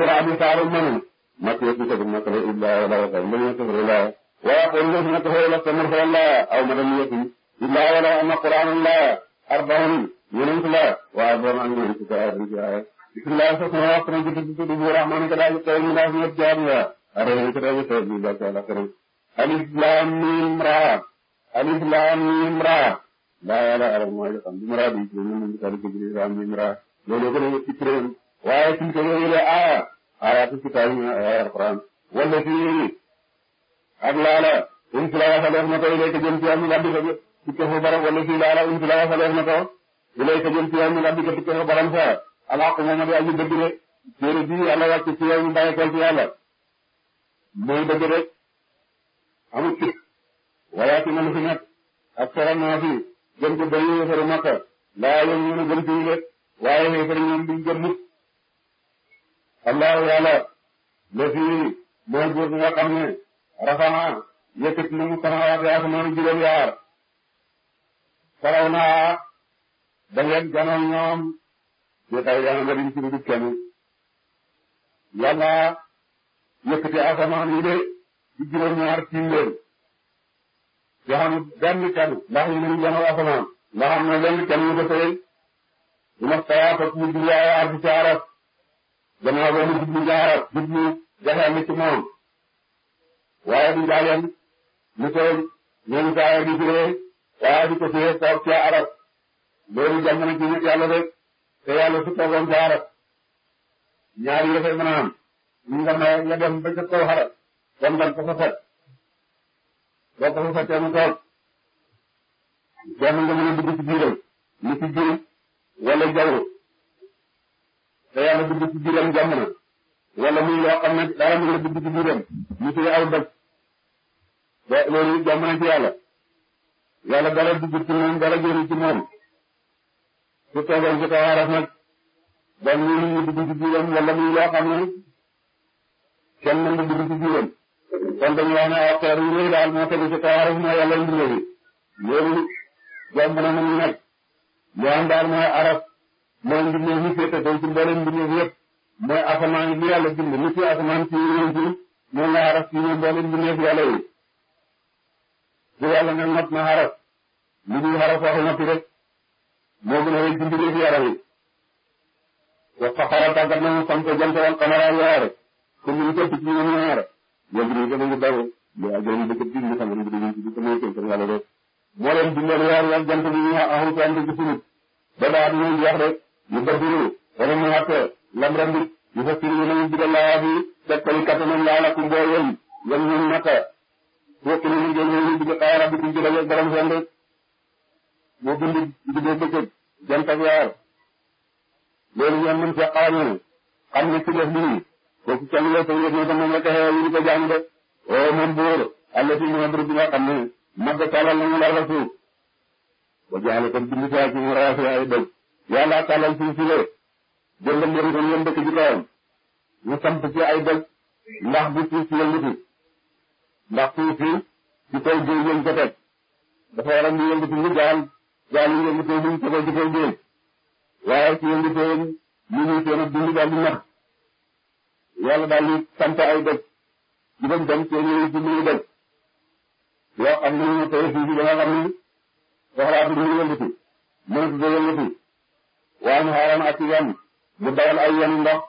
القرآن تعالى من ما تيجي كده ما كره إلا ولا كلمة كره لا ويقول له ما كره لا سمر لا أو مدنية إلا ولا أن قرآن لا أربعين يوم لا وأربعين عن يوم كده أربعين بسم الله الرحمن الرحيم جد جد جد الرحمن كده يقول من الله يرجعنا أربعين كده يقول من الله تعالى كره ألف لام ميم را ألف لام ميم را لا لا أربعين مراد يقول من الله كده ميم را لو لو كده يكترون waaye suñ ko yëgee la aaya aaya ci kitaab yi aaya alquran wala fii ak laala in fi laala fa def na ko ilayka jëm ci am rabbi ko tukke fa baram wala fii laala in fi laala fa def na ko ilayka jëm ci am rabbi ko tukke fa baram fa alxaq moom di aju dëgg rek téere bi yàlla wàcc ci yow ñu bàyyi ko ci yàlla mooy dëgg rek amul ci wayaati na lu fi nekk ak sara naa fi jëm ko bayu xëru makka laa yéen ñu gëm ci rek waaye xëy xëru ñoom duñ gëm mukk allahu yàlla la fii mooy buur bi nga ne rafaana yëkkati na mu samawaati asamaanu juróom yaar faraw naa da ngeen janoon ñoom di tay yana nga diñ sirudub kenn yàlla yëkkati asamaan yi de ci juróom ñaar tiim leen yoo xam asamaan ndax am na lenn kenn ñu ko sëy ñu ma sayaata mu jur yaar ci caarat gannaaw ba mu jublu njaaram jublu jaxeem ci moom waaye du njaaleen ni ko ñoom saaya di juree di ko juree toog ci arab loolu jamono ji nag yàlla rek te yàlla su toogoon ci arab ñaari yëfee a am ñu nga may nga dem ba ca kaw xarab kon dal ko fa fat ci biiram wala jawru te yàlla dugg ci biiram jamono wala muy loo xam ne dara mu la dugg ci biiram mu ci aw dëkk te loolu jamono ci yàlla yàlla dara dugg ci dara jëru ci moom su toogoon ci kaw aras nag muy loo xam ne kenn na dugg ci biiram kon dañu wax ne aw xeer yu rëy daal moo tegu ci kaw aras moo yàlla indi loolu loolu jamono mu nekk yaa daal mooy aras mooy mbindeef yi féete kaw ci mboolem mbindeef yëpp mooy asamaan yi yàlla bind ni ci asamaan ci yéen ci moom la xaras ci ñoom mboolem mbindeef yàlla yi ci yàlla ne not na xaras li ñuy xaras waxu noppi rek moo gën a rëy ci mbindeef yàlla yi wax fa xara tàggat na mu xam ko jant wal xamara yaare ko ñu képp ci ñoom ñaare yóbbu ñu ko dañu daw li ajoon dëkk bi ñu xam ne dañu ci ko nekk ko yàlla rek moo leen bindal yaar yaar jant bi ñu ahul ko andi ci sunut ba daat ñu wax rek yu badilu dana ñu xatte lam rambit yu fa siri nañu digal laa fi tegtali kattanam laa lakum boo yéen yéen ñun naka fekk ni ngeen ñëw ñu digal laa rabbikum ci dajeeg borom seen rek moo bind digal bëccëg jant ak weer loolu ngeen mën cee xawañu xam ne ci def lii kooku kenn loo fay yëg ne a xew ñu ko jàng de oo moom buur àll ci moom bi nga xam ne mag talal nañu la suuf ba jaale ko bind ci ay yàlla tàllal si de jël leen ko ñoom dëkk ci kawam ñu samp ci ay dëkk ndax bu suuf si yëngatu ndax suuf si ci koy jël ngeen dafa war a ñu yëngatu gaal gaal ñu yëngatee ñu ko ci koy jël waaye ci yëngatee ñu ñu seen ak dund nax yàlla daal di samp ay dëkk di ko dem seen yëngu ci muy dëkk yoo xam ne ñu tey suuf si da nga xam ni soxlaatu ñu yëngatu mënatu ko yëngatu waan xaaran ak yan mu dawal ay yanu ndox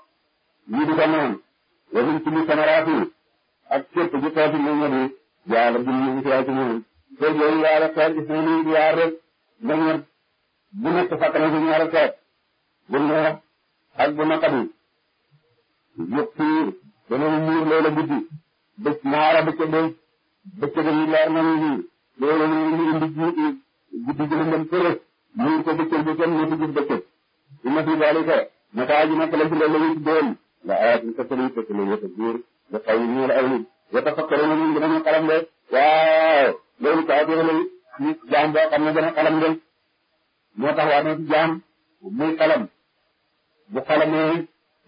ñu di ko naan wamin kulli samaraati ak ji toofi mu ñëri yàlla dum ñu ci ci moom te yooyu yàlla xeet gis nañu ni yaar rek na si ñaari xeet bu neex ak bu guddi bés ñaara bëccëg bés bëccëg ñu leer nañu ni loolu ñu indi inna fi zalika naka aji nekk la ci loolu la ñu doon la ayatin te sëriñ te sëriñ te biir nga xaw yi ñëw la ay nit yatafakkaruna ñun waaw loolu kaa dégg la nit jaam boo xam ne dana xalam de moo tax waa ne ci jaam muy bu xalamee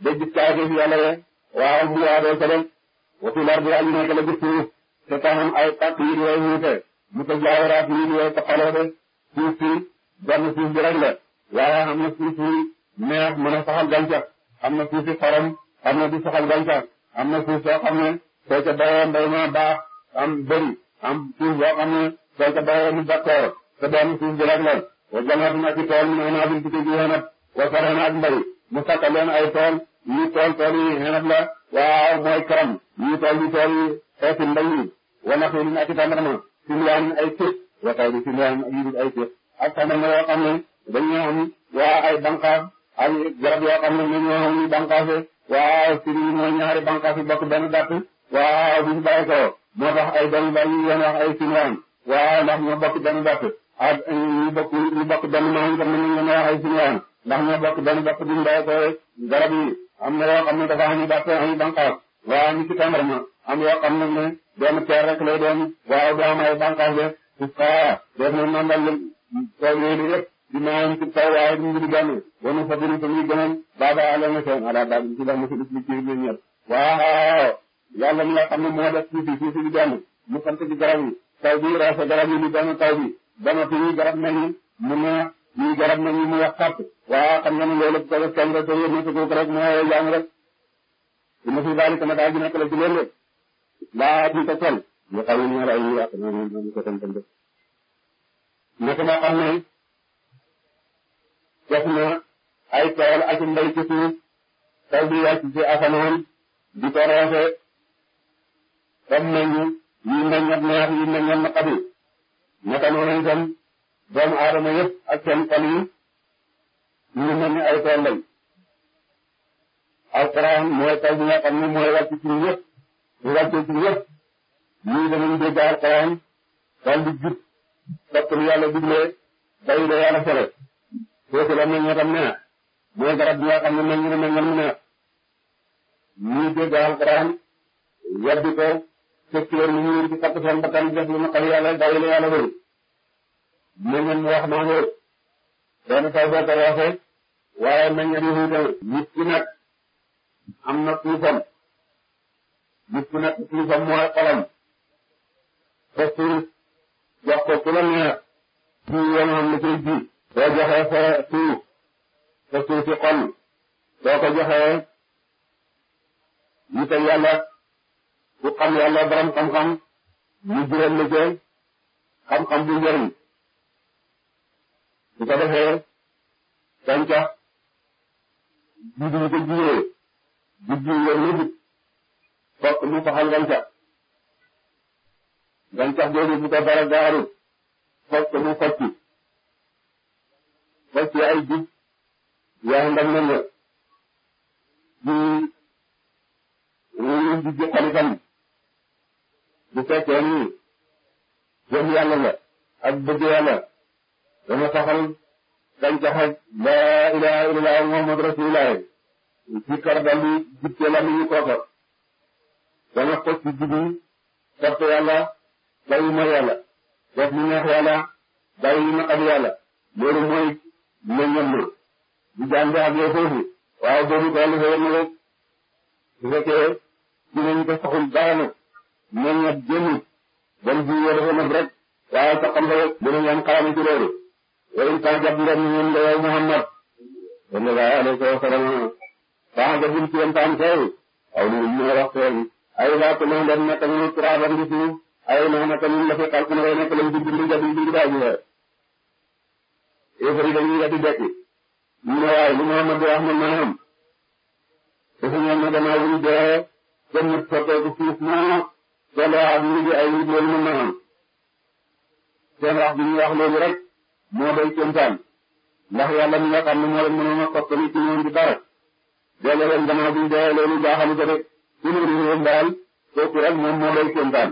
ba gis kaa dégg yàlla de waaw mu waa doo ko def wa fi lar bi aji nekk la gis suuf te ay pàcc way wuute mu ko jaawaraat yi way taxaloo de suuf si benn suuf bi rek waaye am na suuf si neex mën a saxal gàncax am na suuf si xorom am na di saxal gàncax am na suuf soo xam ne soo ca bayee mbay am bëri am suuf soo xam ne soo ca bayee mu bakkoor te doon suuf bi rek na ci tool mu naa bin ji xenat wa sare naak mbay mu sakka leen ay tool yi tool tool yi xenat la waaw mooy karam yi tool yi tool yi xeeti mbay yi wa naxilin ak i tàndarma ay tëb wa tawli simlaan ak yidit ay tëb ak tàndarma yoo xam ne dañoo am waa ay bànqaaf ay garab yoo xam ne dañoo am bànqaafé waa firi mooy ñaari bànqaaf yi bokk benn dàtt waa bu ñu bàyyi moo tax ay benn bari yi wax ay sinwaan waa ndax ñoo bokk benn dàtt ak ñu bokk ñu bokk benn maam itam nañu leen wax ay sinwaan ndax ñoo bokk benn dàtt bu ñu bàyyi ko garab yi am na yoo xam ne dafa am dàtt am bànqaaf waa ñu ci tàndarma am yoo xam ne ne benn peer rek lay doon waaw du am de su kaa def na إنهم في التوراة من قبل ونصبنا سميهم بعد علامتهم على بعض كده مثل في الدنيا waaw yàlla mi nga xam ne moo def suuf si suuf si benn mu sant ci garab yi taw bi raasa garab yi mu benn taw bi dana fi ñuy garab nañu mu ne ñuy garab nañu mu wax xàpp waaw xam nga ne loolu ko def kenn rek yéen a ko rek moo jaam rek dina fi daal sama daal di nekk la ci loolu rek laa di ko toll ñu xaw ñu ñaar ay yàq ñu ñu ko tam tam def def na ay tool ak mbay ci suuf taw bi wàcc ci asamaan di ko roose comme meññ yi meññat neex yi meññat naqari naka noonu itam doomu aadama yëpp ak seen xol yi ñu ay tool lañ alquran mooy taw bi nga mooy wàcc ci ñëpp di wàcce ci ñëpp ñii danañ dégg alquran daal di jub topp lu yàlla digle bàyyi la kooku la meññatam neex mooy garab bi nga xam ne meññ meññal mu neex ñuy dégg alxuraan yaddi ko fekk leen ñu ngi ci fàtte seen bakkan def lu ma xam yàlla bàyyi la yàlla bëri meññal mu wax maa waaye meññal yi tamit nit ki nag am na tuufam nit ki nag mooy xolam fekk jox ko ku la neex ci yoonam la koy ji boo joxee sa suuf sa suuf si xol boo ko joxee ñu teg yàlla ku xam yàlla borom xam-xam mu jural la ci bu njëriñ su ko defee gàncax ji bi ñu ko jiwee fokk mu faxal gàncax gàncax boobu bu ko dara daaru fokk mu focc ba ci ay jub yaa ngi ndam leen di di di xalifam bu fekkee ni jëm yàlla la ak bëgg yàlla dana saxal gàncax ak laa ilaha illallah muhammad rasulullah ci kar daldi jubte la ñu kooka dana ko ci jubi sart yàlla bàyyi ma yàlla def mu neex yàlla bàyyi ma ak yàlla loolu mooy dina ñënd di jànde ak yow boobu daal di koy rek su fekkee dinañ ko saxul dara nag ñoom ñoo ban jiw yoo dafa nag rek waaye sa xam-xam rek dinañ am xalaat ci loolu. wala saa jàpp nga ni ñoom yow Muhammad sallallahu alayhi wa sallam baax nga jëm ci yéen tam kay aw li ñu wax seen ay laaj la ñu doon nekk ñu ci raadam di fi ay naa nekk ñu la fi xalku ne nekk lañ bind bind bind daal di weer. yéefar yi dañuy weddi dekki ñu ne waaye li Muhammad wax na mën a am dafa ñëw ne gannaaw bi ñu joxe jënd soppeeku suuf moo seen wax ak ñu ay nit loolu mën na am seen wax bi ñu wax loolu moo doy kéemtaan ndax yàlla mi nga xam ne moo leen mënoon a soppali ci ñoom di dara delloo leen gannaaw bi ñu joxe loolu jaaxalu ko rek suñu réew daal kooku rek moom moo doy kéemtaan.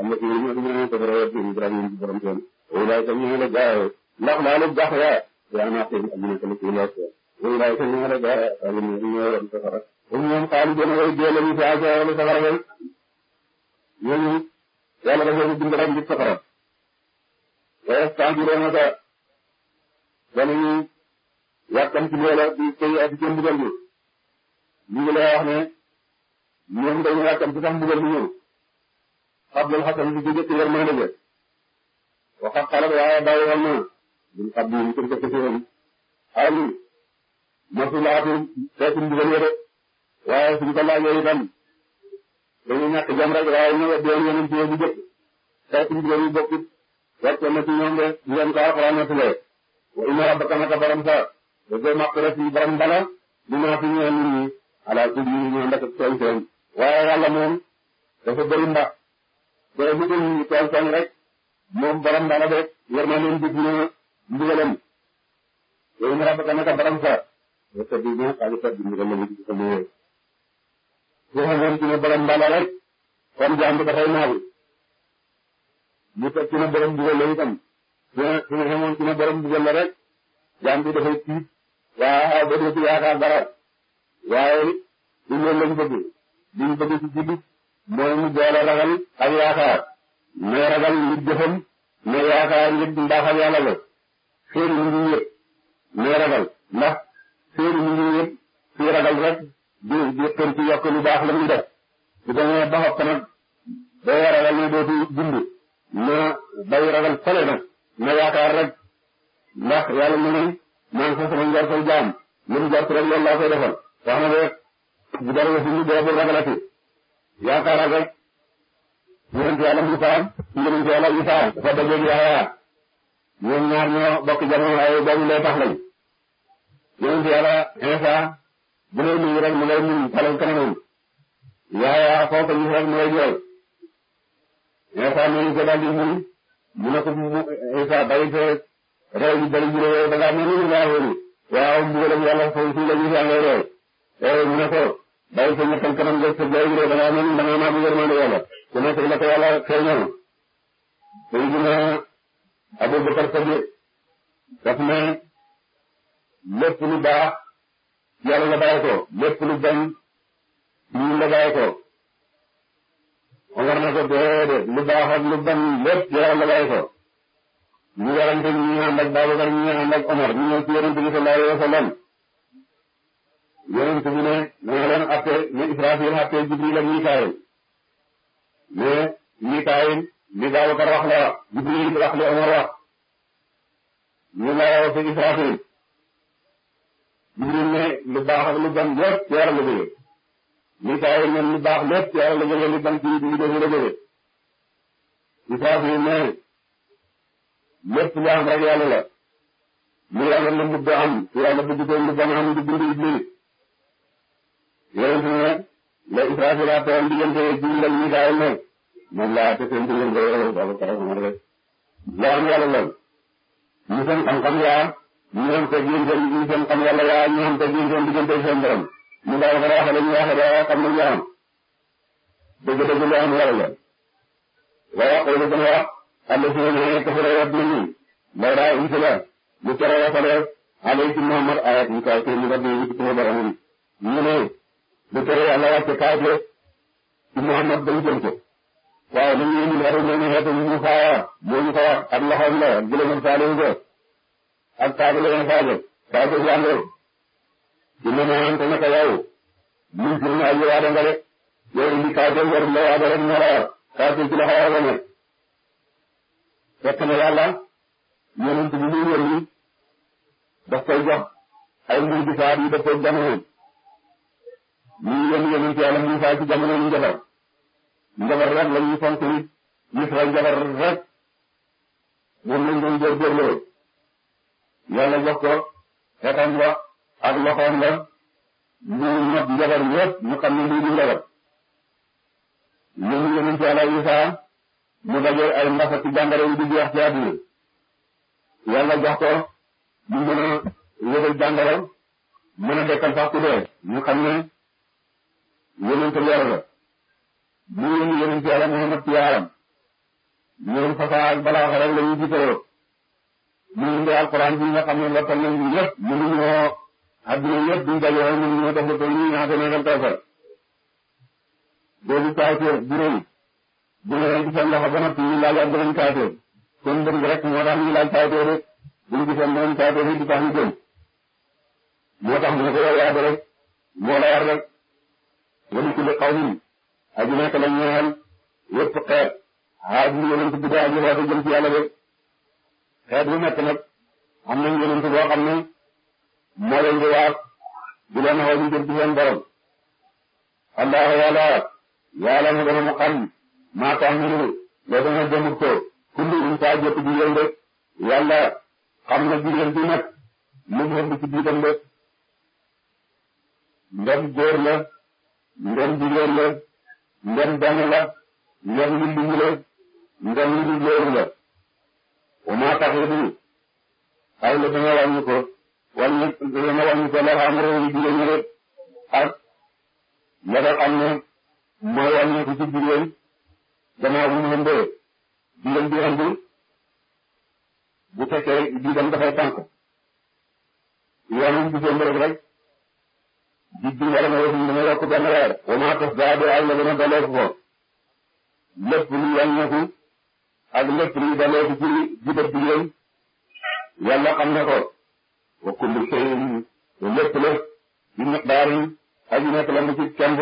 am na ci lu ñu ñëwee ko borom yi Ibrahima borom tool walaay tam ñu la gaaw ndax laalu baax yaa yaa naa xëy am na tamit ñu la ko walaay tam ñu la gaaw am na ñu la woon safara ñu ñoom xaalis dana koy deele ñu saa saa wala safara koy ñooñu yàlla dafa ñu bind rek ngir safara waaye saa bi doon naka danañu yàqam ci loola di koy ak jëm bugal ñu ñu ngi lay wax ne ñoom dañu yàqam ci sax bugal ñu ñëw fadlul hasan bi jóge ci yërmande ja waxat xalab yaa bàyyi woon na ñun xam nañu ko ci woon xaalu mosu laatu seetu ndigal ya de waaye suñ ko laajee itam dañu ñàkk jam rek waaye ñu weddi woon yeneen jiw bu jëkk seetu ndigal yu bokkut wàcce na ci ñoom de wa inna rabbaka naka baram sa seen seen waaye yàlla moom dafa bëri ndax te bu dul tool seen rek moom borom dana de war na leen di dina ndigalam yow nga rafet naka borom sa yow sa biir moom xaalis sa biir ndigal la ñu gis sama yooyu. wax ngeen ci ne borom dana rek kon jàmm dafay naagu ñu teg ci ne borom ndigal la itam su ma su ma xamoon ci ne borom ndigal la rek jàmm bi dafay tiit ba doo ci yaakaar mooy mu boole ragal ak yaakaar may ragal ngir jëfam may yaakaar ngir mbaaxal yàlla la féeri mu ngi yëg ragal ndax féeri mu ngi yëg ragal rek di di xër ci yokk lu baax la muy def su demee ba xokk nag day ragal ne dootu dund na bay ragal fële nag na yaakaar rek ndax yàlla mu ne maa ngi fa sama njortal jaam lu mu jort rek loolu ñu dee yaakaar ak rek yonent yàlla Musaa yonent yàlla Isaa dafa dajeeg Yahya ñoom ñaar ñoo bokk jamono ay doomu lay tax lañ yonent yàlla Isaa bu lay nuyu rek mu ngay nuyu xale kanamam Yahya foo ko gis mu ngay jooy Isaa noonu ko daal di nuyu mu ne ko mu Isaa bàyyi sa réew yu bëri yu réew da ngaa mel ni waaw mbugalam yàlla foofu la ñu sàngee réew eh, mu ne ko bàyyi sa ñàkkal kanam nga sa bàyyi nga da ngaa mel da ngaa naamu yërmande yàlla ku nekk la ko yàlla feeñal Seydina Abubakar Sadiq daf ne lépp lu baax yàlla la bàyyi ko lépp lu bañ ñun la bàyyi ko Omar na ko déedéet lu baax ak lu bañ lépp yàlla la bàyyi ko ñu warante ñu ànd ak Babakar ñu ànd ak Omar ñu ñëw ci yonente bi sallallahu alayhi wa yonent bi ne na nga leen àttee ne Israfil àttee Jibril ak Mikaayil ne Mikaayil li Babacar wax la wax Jibril wax li Omar wax ñu la ci Israfil Jibril ne lu baax ak lu bon lépp ci yàlla la jóge ne lu baax lépp ci yàlla la jóge lu bon lu def Israfil ne lépp lu am rek yàlla la lu yàlla la bëgg am lu yàlla bëgg doon lu bon am lu bind Iblis yéen tamit nag la Israfil a teewoon diggante Jibril ak Mikaayil moom moom laa te seen diggante wala keroog moom rek. loo xam yàlla lool ñu seen xam-xam yaa ñu doon teg ñu seen ñu seen xam yàlla yaa ñu doon teg ñu seen diggante seen borom ñu daal ko waxee la ñu waxee daa xam nañ yaa am dëgg-dëgg loo xam yàlla lool. waaye xëy na dama wax ànd si ne ñoom itam rek wax nañu loolu daa indi la lu keroog wax ko de alaykum Muhammad ayat ñu kaay kër ñu ba dégg ci sama borom ñu ne. bu tere yàlla wàcce kaabe ci Muhammad ba mu jëm ko waaye li ñu yëngu xarum lañu xeetu ñu faa moo ñu ko wax ak loxoom la bu leen faale ko ak kaabe la leen faale kaabe jàngoo ci la maanaam ko naka yow ñu ci ñu aji waada nga rek yow indi kaabe war la waada rek ñu la kaabe ci la xawa ko ne fekk na yàlla yonent bi muy wër ni daf koy jox ay mbir gisaat yi daf koy ganawoon ñu ngi leen yonent yàlla Muusaa ci jamono njabar njabar rek la ñuy fonk nit Misra njabar rek moom lañ doon góorgóorloo yàlla jox ko xetam la ak loxoom njabar yëpp mu xam ne lii di njabar yéen yonent ay mbasa ci jàngoro yi di jeex ci àdduna yàlla jox ko mu mën a yëgal jàngoro mën a dekkal sax ku dee ñu xam ne yonent leer la mu yónni yonent yàlla Muhammad ci yaaram ñoom fasaa ak balaa xaral la ñu jitaloo mu indi alquran bi nga xam ne lottal nañ ñu lépp mënuñoo adduna yëpp duñ dajoo mënuñoo def lu toll nii ñaata ne dal kawsal loolu kaafeer juróom bu nga leen gisoon loxo ba noppi ñu laajaat beneen kaafeer kon bëgg rek moo tax ñu laaj kaafeer rek buñ gisoon beneen kaafeer yi di tax ñu jëm moo tax mu ne ko yow yaa rek moo la yar rek wala kulli qawmin aji nekk la ñeel yëpp xeet xaar bi yonent bi daa aji woote jëm ci yàlla am nañ yonent boo xam ne moo leen di waar di leen xaw ñu jëm mu dana mu xam maa taamilu loo dana jëmut ko kulli insa jëpp jigéen de yàlla xam na jigéen bi nag lu mu ëmb ci biitam de ndem góor la ngëm jigéen la ngëm benn la ngëm lu mujj la ngëm lu góor la moo tax du xay la dana wàññi ko wàññi dana wàññi ko ndax ak la nga xam ne mooy wàññi ko ci jigéen gannaaw bu ñu ëmbee jigéen bi ëmb bu fekkee biitam dafay tànk yoonu jigéen rek rek di di wala nga waxum dama yokk benn weer wama tos daa dee ak la gën a daleeku ko lépp lu wàññeeku ak lépp lu daleeku ci ci dëkk yooyu yàlla xam na ko wa kullu shay'in lépp la bi miqdaarin aji nekk la mu ci kemb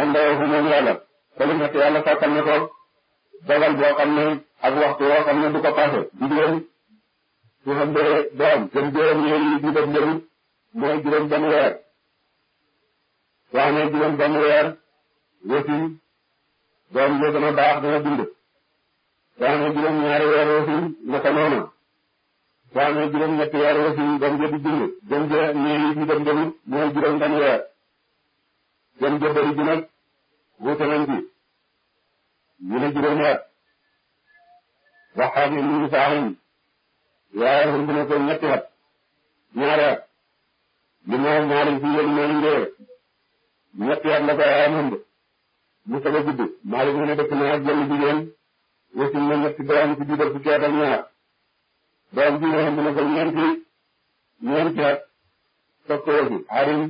indawfu moom yàlla te lu nekk yàlla sàkkal na ko dogal boo xam ne ak waxtu woo xam ne du ko passé di juróom su xam dee doom gën juróom yooyu ñu def njëriñ mooy juróom benn weer wax ne juróom benn weer wetin doom juróom ñaari weer wetin naka noonu wax juróom ñetti weer wetin doom ja di dund doom ja nii ñu dem juróom benn weer doom ja bëri ji nag wuute nañ ci ñu ne juróom weer saaxin waaye xam ko ñetti at ñaari at li moo ñaari fii yéen ñoo ñu ñetti at la koy amoon de mu soog a gudd Malick mu ne dëkk na ak jenn jigéen wëcc na ñetti doom ci biir fukki at ak ñaar doom bi nga xam ne ko ñeenti ñeenti at soog ko wëcc Harim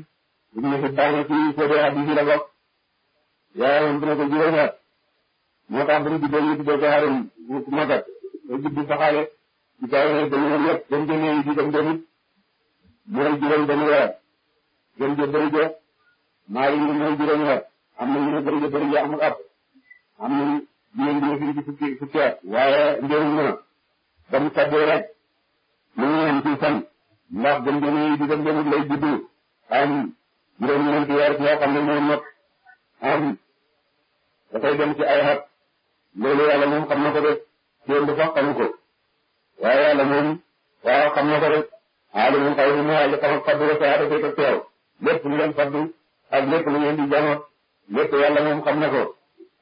ibn Hibban ci ko dee hadis yi la bokk yaayam dina ko juróomi at moo tax dañu juddoo ñu tuddee ko Harim mu magat ba juddu saxaale ci kaw ne dañu woon yëpp dañu jëlee yi di dem demit mooy juróom benn weer gën jël dañu jox maa ngi leen di juróomi at am na ñu ne bëri na bëri na amul at am nañu ñoom ñoo fi indi fukki fukki at waaye njëriñ la ba mu tàggee rek mu ngi leen ci fan ndax gën gën a di dem demut lay juddu am juróomi ñeenti weer yoo xam ne moo not am dafay dem ci ay at loolu yàlla moom xam na ko rek kenn du fa xamu ko waaye yàlla moom waaw xam na ko rek waaye moom xëy na mu ngi àll ba xam faddu rek waaye dafay ko teew lépp lu leen faddu. ak lépp lu ngeen di janoot lépp yàlla moom xam na ko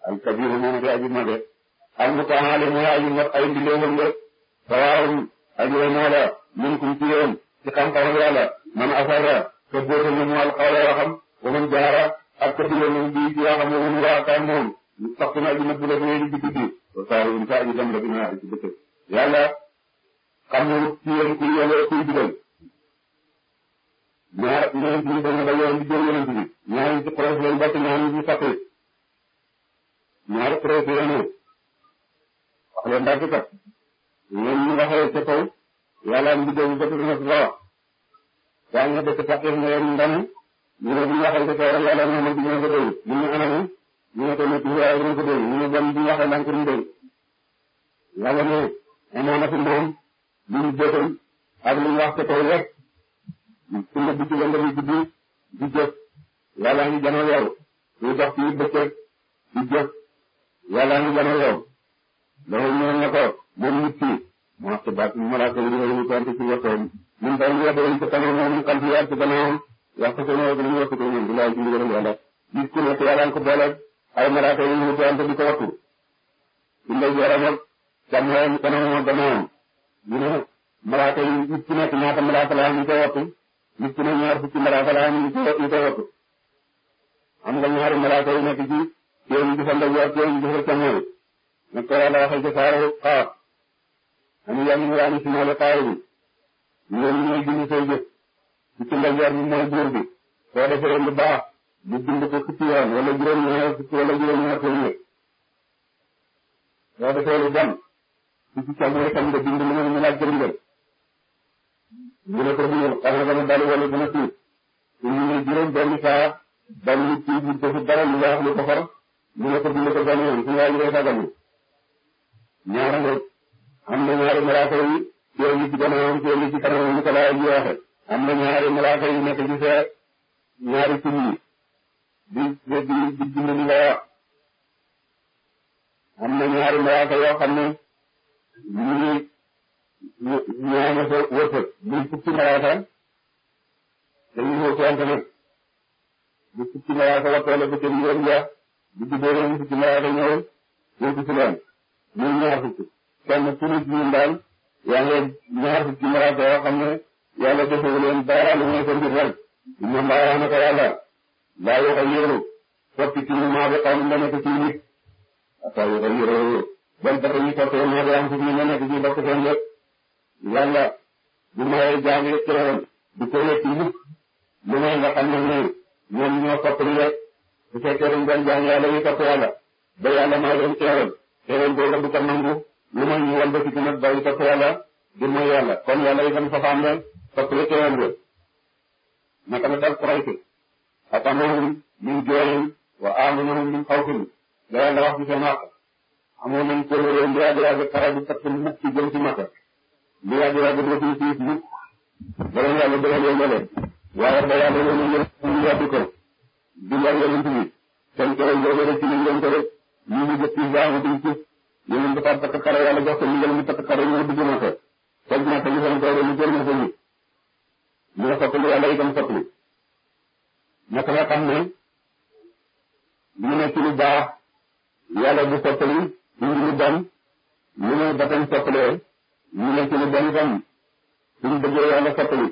al kabir moom di aji ma de al mutaale mooy aji mat ay mbindeewam de sawaawum aji moo la min kum ci yéen ci xam-xam man asarra te góotal na mu al xawla yoo xam man jaara ak ko digal moom bi ci yoo xam ne moom waa kaan moom sax na aji nëbb la ñaar ñaar ñi dañoo dañoo di jël yonent bi ñaari ci presse lañ bokk ñaari ñu fàttali ñaari presse yi nga xoolee ca kaw yàlla na liggéey bi ba ne ñu ne bu ñu waxee na ma dina ko ñu ne anam ñu ne ko nekk ñu waaye dina ko déglu ne bon bu ne amoon na fi mboom lu ñu lu ñu wax ca kaw su nga dugg nga nga guddi di jëf yàlla ngi gën a leew kuy dox fii bëccëg di jëf yàlla ngi gën a leew loolu ñu ne mu wax ci baat mu malaaka yi dina ñu ci waxoon ñun dañ ñu waxoon ci ci yàlla ci gannaawam wax ko ñu ñu wax ko ñun di ay malaaka yi ñu tontu di ko wattu di lay yaram ak càmmoyam kanamam ak gannaawam ñu ne malaaka yi nit ku nekk ñaata gis nga ñaar fukki malaaka laa ñu ko ñu ko am nga ñaari malaaka yu nekk ci yéen di fa ndajoor ak yéen di fa càmmoñ nag ko yàlla waxal ci saaro xaar am na yàlla ñu raadu si maale xaar bi ñoom ñooy bind say jëf ci ci ndajoor bi mooy buur bi soo defee lu baax mu bind ko fukki wala juróom-ñaar fukki wala juróom-ñaar téeméer soo defee lu bon ci ci càmmoñ tam nga bind lu mel ni laaj jërëngër mu ne ko mu xanaa dama dalu wala dama tiit ñu ne juróom benn saa dalu tiit ñu defu dara ñu wax lu ko far mu ne ko dina ko benn yoon suñu waay ñu koy sàggal ñaara nga am na ñaari malaaka yi yow li ci gannaawam yow li ci kanamam li ko laay ji waxe am na ñaari malaaka yi nekk ci sa ñaari tuñ yi di di di dund li nga wax am na ñaari malaaka yoo xam ne ñu ñu ñu nga ko wërsëg bu fukki malaaka dañuy ñëw ci internet bu fukki malaaka waxtoo la bëccëg ñu doon jaar bu jubbee leen fukki malaaka ñëw ñëw ci leen ñun ñaar fukki kenn ku nit ñun daal yaa ngi ñaar fukki malaaka yoo xam ne yàlla defewu leen dara lu mooy ko mbir rek ñoom daa wax na ko yàlla daa yoo ko yéeru sotti ci ñu maa bi xaw ma nekk ci nit ak yoo ko yéeru ban tax ñu sottee maa bi am ci ñu nekk ci bokk seen lépp yàlla bu mayee jaam yi xéewalam du ko yëkk mukk lu may nga xam ne ñoom ñoom ñoo fàttali rek bu fekkee dañ doon yàlla yi topp yàlla ba yàlla may leen xéewal xéewal boobu du ko nangu lu may ñu wàllu ci nag bàyyi topp yàlla di mooy yàlla kon yàlla itam fafaam leen fàttali xéewal ba naka la dal Quraysh atamahum min juu'in wa aamanahum min xawfin la yàlla wax ci seen àq amoon nañ kër yàlla yàlla yàlla xara bi fàttali mukk ci jëm ci Makka bu yàgg yàgg dina fi fi fi borom yàlla dogal yow male waaye ba yàlla yow ñu ñu yàgg ko dundal yonent bi seen tool boobu rek ci lañ leen ko rek ñu ngi jëf ci baax di ci yéen dafa takk xare yàlla jox ko ñu ngeen mu takk xare ñu dugg na ko toj na ko ñu seen tool ñu jël na ko ñu ñu la soppali yàlla itam soppali naka nga xam ne mu ne ci lu baax yàlla bu soppali ñu ngi lu bon lu ne ba tañ soppalee mu ngi ci lu bon itam suñu bëggee yàlla soppali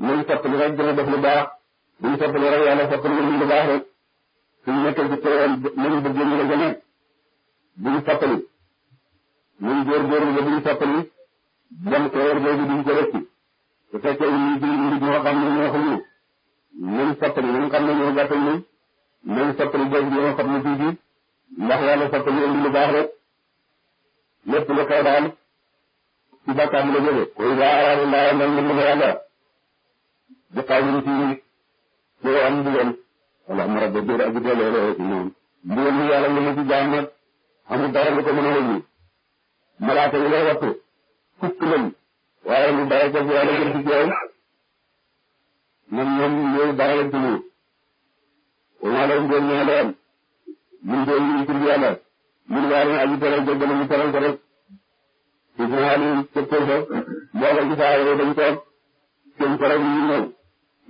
nañ soppali rek dina def lu baax buñ soppali rek yàlla soppali nañ lu baax rek suñu nekkee ci teewoon nañ bëggee ñu la gën a buñ soppali nañ góorgóorlu ba buñ soppali dem teewoon boobu duñ ko rëcc su fekkee ñu ngi nit ñoo xam ne ñoo xamul nañ soppali nañ xam ne ñoo gàttal ñu nañ soppali boobu ñoo xam ne tuuti ndax yàlla soppali indi lu baax rek lépp lu xew daal ci bàkkaar la jóge wa ida arada laa nan mën dafa yàlla jëfaayin ci lu am ndigal wala am rabba jër ak doole la ci nga ma ci jaam nag dara lu ko mën a wëññi malaaka yi lay wattu fukk lañ waaye lu dara ko fi yàlla jël ci jooy man ñoom ñooy dara la dunu wama leen doon ñaa leen mun doon ñu ci yàlla mun waa mu teral ko Ismaayil ca Koso boo ko gisaaree dañ ko seen keroog ñu ñëw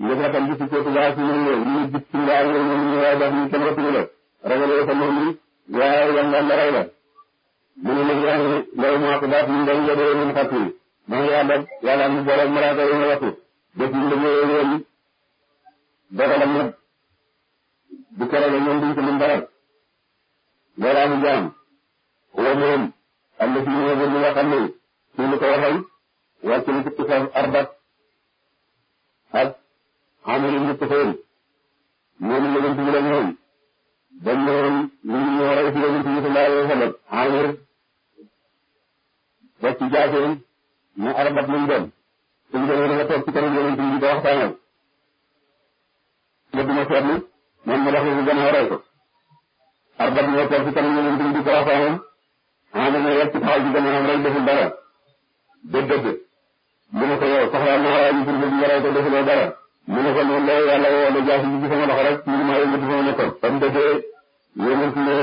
nga fàttal gis ci Koso baax si ñoom ñëw ñu gis ci ndaar ñoom ñoom ñu waaye baax ñu kenn ko tudd ragalee ko moom ni waaye la rey la mu ne nag yaa ngi lay mu wax baax ñu dañ la doon ñu xat yi ndax yàlla yàlla mu boole malaaka yi nga waxtu bés ñu dañu yooyu woon dogal ak ñoom bu keroog ñoom duñ ko mën dara loolaa mu jaam wa am na ci ñi nga xam ne ci li ko waxal wàcc na ci Tufail Arbat ak Amir ibn Tufail moom la gën ci la ñoom dañ ne woon lu ñu war a ci gën ci sallallahu alayhi wa sallam Amir ba ci jaaseen ne Arbat lañ doon suñ demee dafa toog ci kanam yonent yi di ko waxtaanal nga dina seetlu moom mu dox lu gën a waral ko Arbat ñoo toog ci kanam yonent yi di ko waxtaanal maa ngi leen di taxaw ci jamonoom rek deful dara ba dëgg mu ne ko yow soxlaa nga xaraa ñu turbe bi jaasi ji sama loxo rek mu ngi maa yëngatu sama nekkoon. ba mu dëggee yonent ne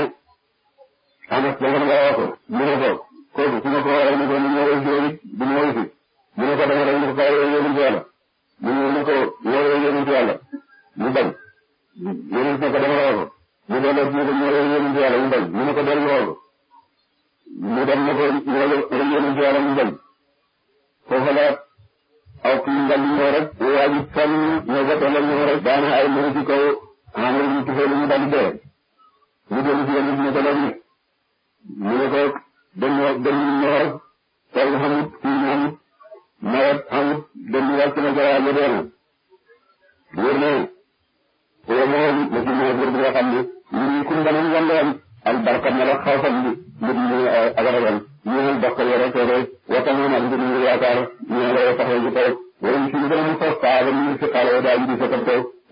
Anas danga nga woo ko mu ne ko kooku su ma ko waxee ne ko ni ma woo juróom it du ma wuti mu ne ko dama rek ne ko kaay yow yonent yàlla mu ne ko yow yonent yàlla mu bañ yonent ne ko dama mu dem na ko ñu la yéene mu dem foofu aw kii ndal ñëw rek waa ji fan ñoo ko tollal ñëw rek daana ay mënu ci kaw amul ñu tuxee lu mu dal dee mu dem ci yéen ñu ko doon mu ne ko dem dem ñëw rek tool xamut kii xamut nawet xamut dem wàcc na jaraa ba dee na wér na wér na ma ci ñëw pour nga xam ne ñu ngi kumbanam wàllu am albarka mala xawfam bi mbir mi ak a ragal ñëwal bokk yore kër yi waxtaan ak mbir mi yaakaar ñëwal ay sax yu taw wala ñu si ñu gën a soog saa ba ñu si xaaral daal di sa taw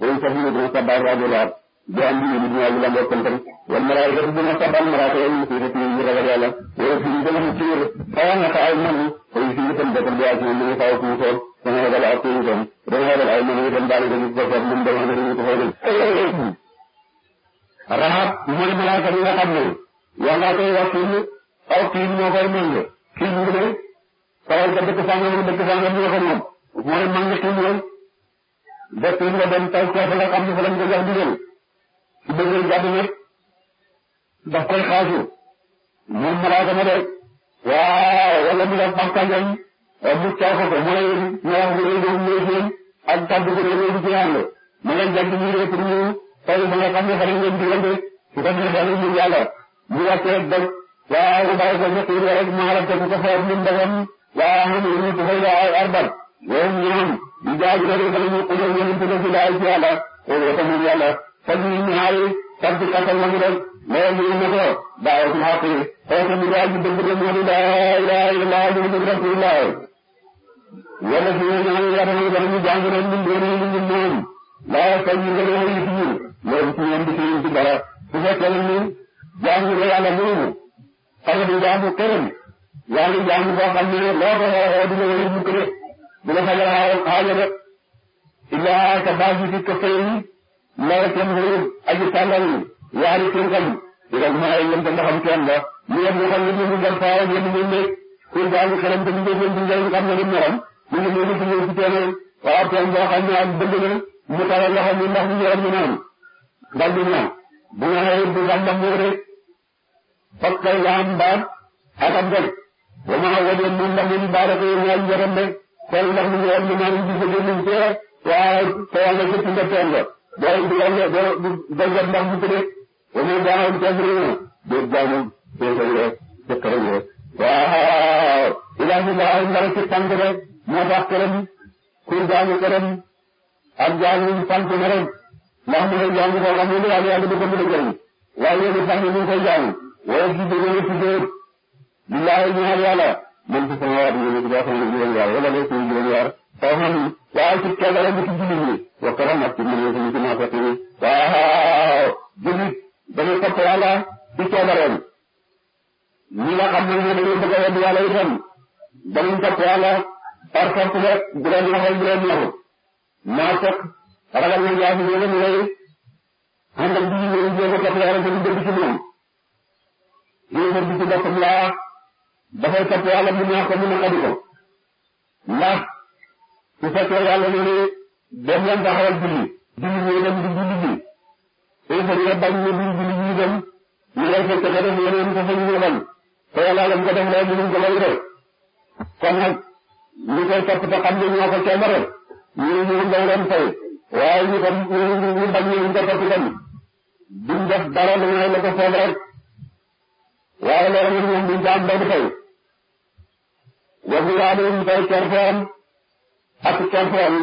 wala sax ñu gën a sabar rajo laab di am mbir mi ñëwal la mbokk tam wala maraay rek dina sabal maraay yi ñu si ñu ragal yàlla wala si ñu gën a ci wër xaw na fa ay man wala si ñu tam bëgg di ak ñu faaw ku ñu toog dana ragal ak ku ñu tam dana ragal ay man yi tam daal di ko fa mu dem ak ñu ko fa rahat mooy malaaka yi nga xam ne yàlla koy wax fii aw fii moo koy màng fii mu ne tawal ba dëkk sàngam ak dëkk sàngam ñu ko moom mooy màng fii mu ne ba fii nga dem taw coof la xam ne fa lañ ko jox ndigal su bëggee jàpp nag daf koy xaasu moom malaaka ma de waaw wala mu def baxtangam mu coof ko mooy ñaax bu rëy boobu ngay seen ak kàddu bu rëy boobu ci ànd ma leen jàpp ñu rëy pour ñu taw ba nga xam ne fa lañ leen diggante su ko neexee ñu yàlla bu wàccee rek bañ waaye bu bàyyi ko ñett yi rek mu xarab ko ko xeeb lim dagam waaye am na ñu ko fay ay arbal loolu ñoom di jaaj rek ba ñu ko jël ñu ko ci daal ci yàlla loolu ko moom yàlla fa ñu la mu def loolu ñu ko daaw ci xaq yi xeetu la ilaha illallah mu rasulullah wala ci ñu ñaan yàlla ñu ba ñu la fa jaamu la yàlla moomu xam nga jaamu keneen yàlla jaamu boo xam ne loo ko waxee dina wéy mu gën a bu la xajal xaaja rek illaa ka baaji fi kafayn mawtan hurub aji tàngal yaari tënkal igal ma ay yem nga xam kenn la mu yem nga xam ne mu ngal faa ak yem ngeen nekk mu ngi leen di njëriñ xam ne mu ram mu ngi leen di ñëw ci teene boo xam ne am bëgg na mu tawal loxo mi ndax mu yaram ñu naan dal di ñaan bu nga xëy bu sax ndax mu rek kon kay la am mbaam ak am gën wa ma wajjal moom ndax ñu baaree ko yéen ñaari njëriñ de kon ndax ñu ngi am ñu naan gis nga ñu teel waaye teel nga jëpp nga teel nga doo du am doo du gàncax ndax bu tëddee wa ma mi déet baaxul déet rek rek tax këram kur jaamu këram ak jaamu tànk na rek ndax mu ngi jaamu ko xam ne yàlla yàlla du ko mën a jëriñ waaye yéen i tànk ñu ngi koy wala ci dëgg la ci dëgg billahi ñu xam yàlla man ci sama waat ñu ci dafa ñu juróom yaar wala lay suñu juróom yaar taw xam waaye ci tegale bi ci julli ñi wa karamat ci mëne ko ci naa fekk ni waaw julli dañu topp yàlla ci coobareem ñi nga xam ne dañu bëgg a wedd yàlla itam dañu topp yàlla par force rek bu leen waxal bu leen naxu naa fekk ragal na jaafi ñoo leen lay ànd ak julli ñi ñu jéem a topp yàlla dañu dëgg ci moom yéefar bi ci boppam laa dafay topp yàlla mu neex ko mu naqadi ko ndax su fekkee yàlla nee ne def leen taxawal julli julli ñuy dem di julli ji yéefar ya bañ ne duñ julli ñuy dem ñu ngay fekk ko def yeneen ko fañ ñu bañ te yàlla lam ko def loo mënuñ ko lay def kon nag ñu koy topp te xam ne ñoo ko coobare ñu ne ñu dañ leen fay waaye ñu ko ñu bañ ñu ko topp itam duñ def dara lu ngay la ko soob waaye loolu moom moom duñ ko am benn fay waxuñu daal dañuy fay kerfeem ak kerfeem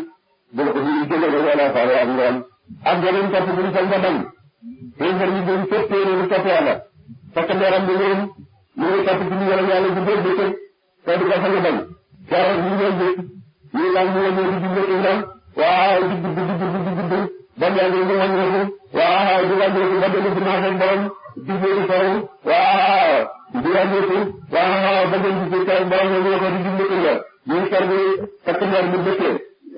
bu ko jëlee ba wala faale ak ngoon ak yeneen topp bu ñu soxla bañ téeméer yi doon fépp téeméer yi topp yàlla fekk ndooram bi ñoom ñu ngi topp ci ñu yàlla yàlla bu bëgg bëccëg te du ko sañ a bañ. keroog ñu ngi leen di ñu daal ñu ngi leen di digle itam waaw di di di di di di ba ñaar ñu ngi wàññeeku waaw di wàññeeku ba dellu si marché borom jublu borom waaw diwaaniku waaw ba ngeen jublu borom borom ñoo ko di jublu nga ñuy fer bi takk ndeer bu dëkkee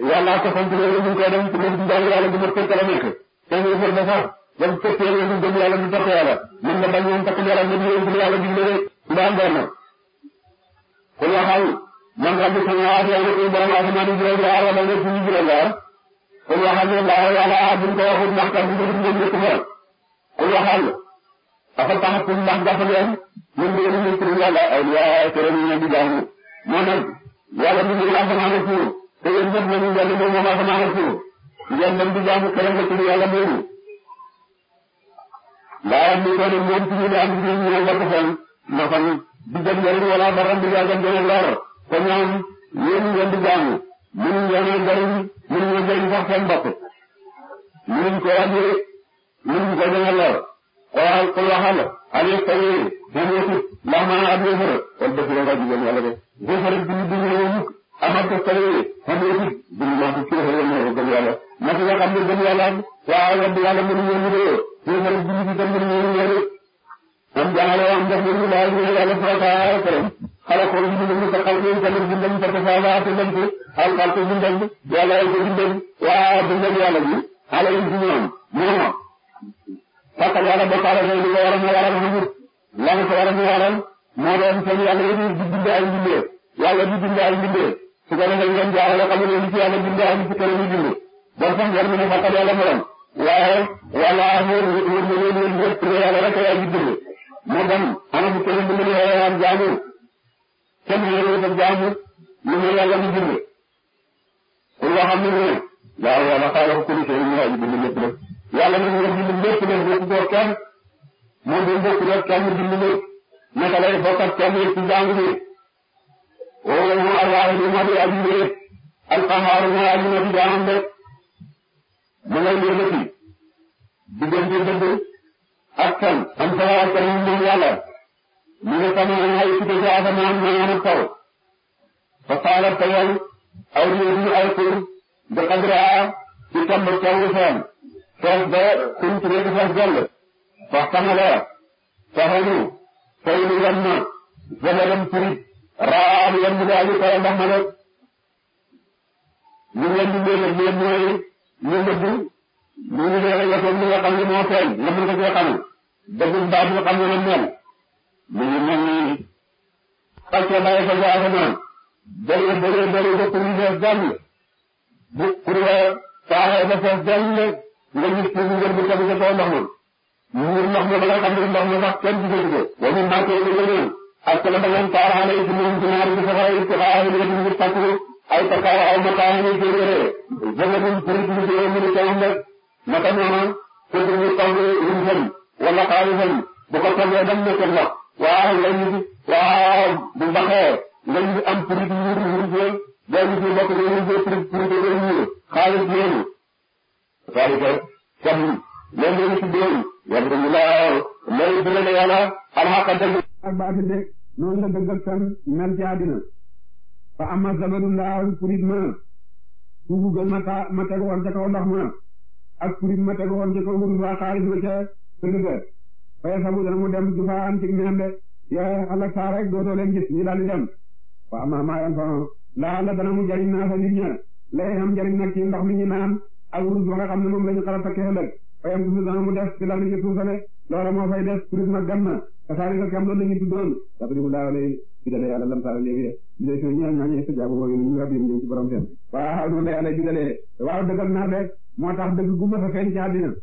yàllaa ko sant loolu mu ngi koy dem ci même njàng yàlla bu ma kër kala nekk te ñu fër dafa dem fekkee yéen gëm yàlla ñu topp yàlla mën na bañ woon takk ndeer ak ñu yéen yàlla digle rek ndaam doon na kon waxal man rabbi samawaati yàlla ko borom asamaan yi juróom ñaar wala nekk ñu juróom ñaar kon waxal ne laa yàlla buñ ko waxut ndax tam bu ngeen ko faral kon waxal dafa tax pour ndax dafa leen ñoom ñu ngi leen tudd yàlla ay ay keroog ñu ngi di jaamu moom nag yàlla ñu ngi laal sama te yéen ñëpp nañu yàlla moom moom sama xarit suuf ngeen dem di jaamu keroog nga tudd yàlla boobu. ndax ñu ko ne moom ci ñu am ci ñu war ko fenn na fan di dem njëriñ wala baram di jaagal njëriñ lor te ñoom yéen ngeen di jaamu mënuñ leen a njëriñ mënuñ leen njëriñ sax seen bopp mënuñ waxal kul waxal Aliou Sow yooyu moom la tuut ndax maanaam ab yooyu fële kon dëgg la nga jigéen yàlla de boo fële bi ñu dindi yooyu mukk amat ko Sow yooyu moom la tuut dindi naa ko ci waxal yàlla moo gëm yàlla naka nga xam ne gëm yàlla am waaw rabbi yàlla mënu ñëw ñu dee boo fële dindi bi tam mënu ñëw ñu dee am jàngale am def nañu laaj ñu yàlla farataa këram xale ko ñu ñu ko xal ñu ko leen bindam parce que ça va te leen ko alqal ko bindam yàlla ko bindam waaw bindam yàlla bi xale yi ci ñoom moo parce que yàlla bokkaale kay li ko waral moo waral xamul lan ko waral moo waral moo doon seen yàlla yëpp di bind ay mbindee yàlla di bind ay mbindee su ko defee ngeen jaarale xamul ne li ci yàlla bind ak li ci keneen ñu bind bon sax yàlla mu ne parce que yàlla mu doon waaye wala wóor wóor na leen yéen ñëpp pour yàlla rek yaay di bind mu dem ana bu keneen bind ñu xëy am jaamu kenn ñu ne dafa jaamu lu mu yàlla mu bind pour nga xam ne mu ne waaw yàlla xaaral ko lu seen ñu xëy bind lépp lépp yàlla na nga bind lépp nag lépp door kenn moom dañ bokk nag kenn bind lépp naka lay bokkat kenn ci jàng bi wala mu alwaahid ma di aji lépp alqahaar ma aji na di jaamam lépp mu ngay lëkkati diggante dëgg ak kan am sa waa kan yi moom yàlla mu nga xamee ay cité ci asamaan ma ñaan taw fa saalat tawal aw réew ay xur bi qadra ci tomb taw seen tool ba suñ turee di fas jàll wax Kamala Saxonu Seydou Yamma Jokalante Touré Ra am yan mbéy mi Kala Ndax Malek ñu ngi leen di mën a mën mooy ñu dëgg ñu ngi leen a yokk li nga xam ne moo feeñ nga mën ko cee xamul dëggul baax nga xam ne la mel mu ngi mel ni xaccoo bàyyi ko ca asamaan bëri bëri bëri ba kuréel bees jàll bu kuréel saaxee ba fees jàll nga gis nga gis bu tegu sa kaw ndox mi mu ngi ndox mi ba nga xam ne ndox mi sax kenn du ko duggee. wa min maa koy duggee ak la ba ngeen taaraale ci ñun ci ñaari ci safara yi ci xaaral yi ñu ngi fàttali ay takkaar ay makaar yi ci yore. jëfandiku pour ñu jëlee mu di taw ndox naka noonu pour ñu taw lu mu jëm wala xaaru jëm bu ko tawee dem nekk ndox waaw nga ñu waaw bu baxee nga ñu am pour ñu ñu ñu jël doo ñu ci bokk ñu ñu jël pour pour ñu jël xaalis noonu ذلك كم من يسبون يضرب الله من يسبون يالا الحق دل الباطل نون لا دنگل كان مل ci àddina fa amma zabadu laa furid ma tuubu gën ma taa ma teg woon ca kaw ndox ma ak furid ma teg woon ca kaw ndox ma xaalis ma ca pënd ba fay sabu dana mu dem jufaa an cig meen de yaa xalak saa rek dootoo leen gis ñu daal di fa amma maa yan fa laa la dana mu jariñ naa fa nit ña lay am jariñ nag ci naan ak wurus ba nga ne moom la ñu xarab fekkee ëllëg fayam gis nga dana mu def ci lan ci suuf ne loola moo fay def prise nag gan na kasaari nga kam loolu la ñu tuddoon dafa di mu laa lay bidale yàlla lam taala léegi de bidale soo ñëw ñaañee sa jaabu boobu ñu rab yëm jëm ci la moo tax dëgg gu ma sa feeñ ci àddina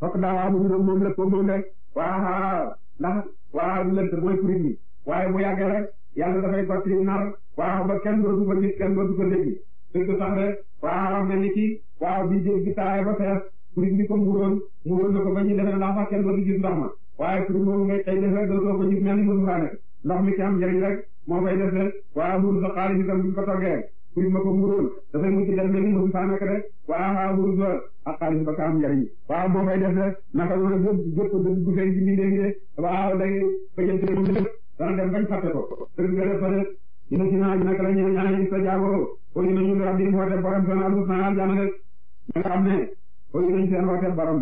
fokk daa moom la ko moom rek waaw ndax waaw lënt mooy prise bi waaye bu yàggee rek yàlla dafay gotti nar ba kenn dootu ko gis kenn dootu ko dégg te du sax de waaw mel ni ki waaw bii jéeg bi taay ba fees nit ñi ko muuroon muuroon ba ñu defee ndax sax kenn dootu gis ndox ma waaye pour moom ngay tey defee dootoo ko gis mel ni mosu faa nekk ndox mi ci am njëriñ rek moo fay def de waaw huur sa xaalis itam buñ ko toggee pour ma ko muuroon dafay mujj def mel ni mosu faa nekk de waaw waaw huur sa ak xaalis ba ka am njëriñ waaw moo fay def de naka noonu gë gëpp dëgg bu fee ci mbir yi de waaw day fajante moom dana dem bañ fàtte ko. dëgg nga def fa oyu nañu rabbi woote borom seen alusna aljana rek nga xam ne oyu nañu seen woote borom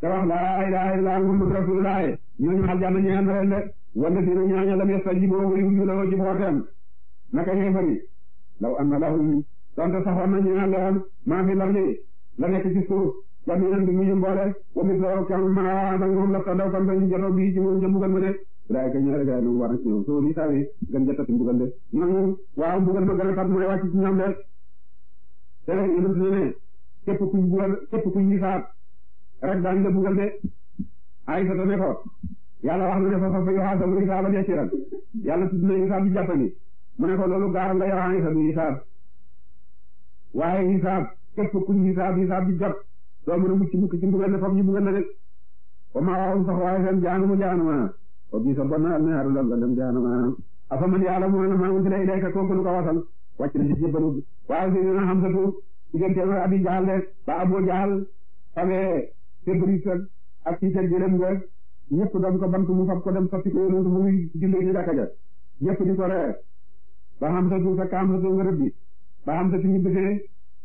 te wax laa ilaaha illallaa muhammadu rasuulullaah ñooñu aljana ñaan na leen de wala si na ñooña lam yastajiibu wuyuñu la ci wooteem naka xeefari law anna lahum donte saxoon na ñaan leen maa fi lardi la nekk ci suuf jamii'an du muñu mboole wa misloo kam maa ànd ak moom la tadaw kon dañu jotoo bii ci moom ca mbugal laay ka a rek na ci ñoom soo lii ma gën a tar mooy wàcc ci ñoom de te rek yonent na ne kuñ bugal képp kuñ ñi rek daañu la bugal de ay sa ne ko yàlla wax na ne fa fa fa yoxaa sabu isaaba yasiran yàlla tudd na isaab bi jàppandi mu ko loolu gaaral nga yoxaa isa du isaab waaye isaab képp kuñ isaab isaab bi jot doo mën a mucc mukk ci mbugal ne foofu bugal la de wa maa waxum sax waaye seen jaanuma wa biisa bon na al naaru lam jahanama afa man ya'lamu ma unzila ilayka kooku lu ko wasal wàcc na ci jébbalu waaw si na xam satu digganteem ak abi jaxal de ba abo jaxal fabee Februs ak ci seen jëlem nga ñëpp doon ko bant mu fab ko dem sotti ko yonent mu ngi julli ñu jàkka ja ñëpp di ko ree ba xam satu fekk xam satu nga rëbbi ba xam satu ñibbisee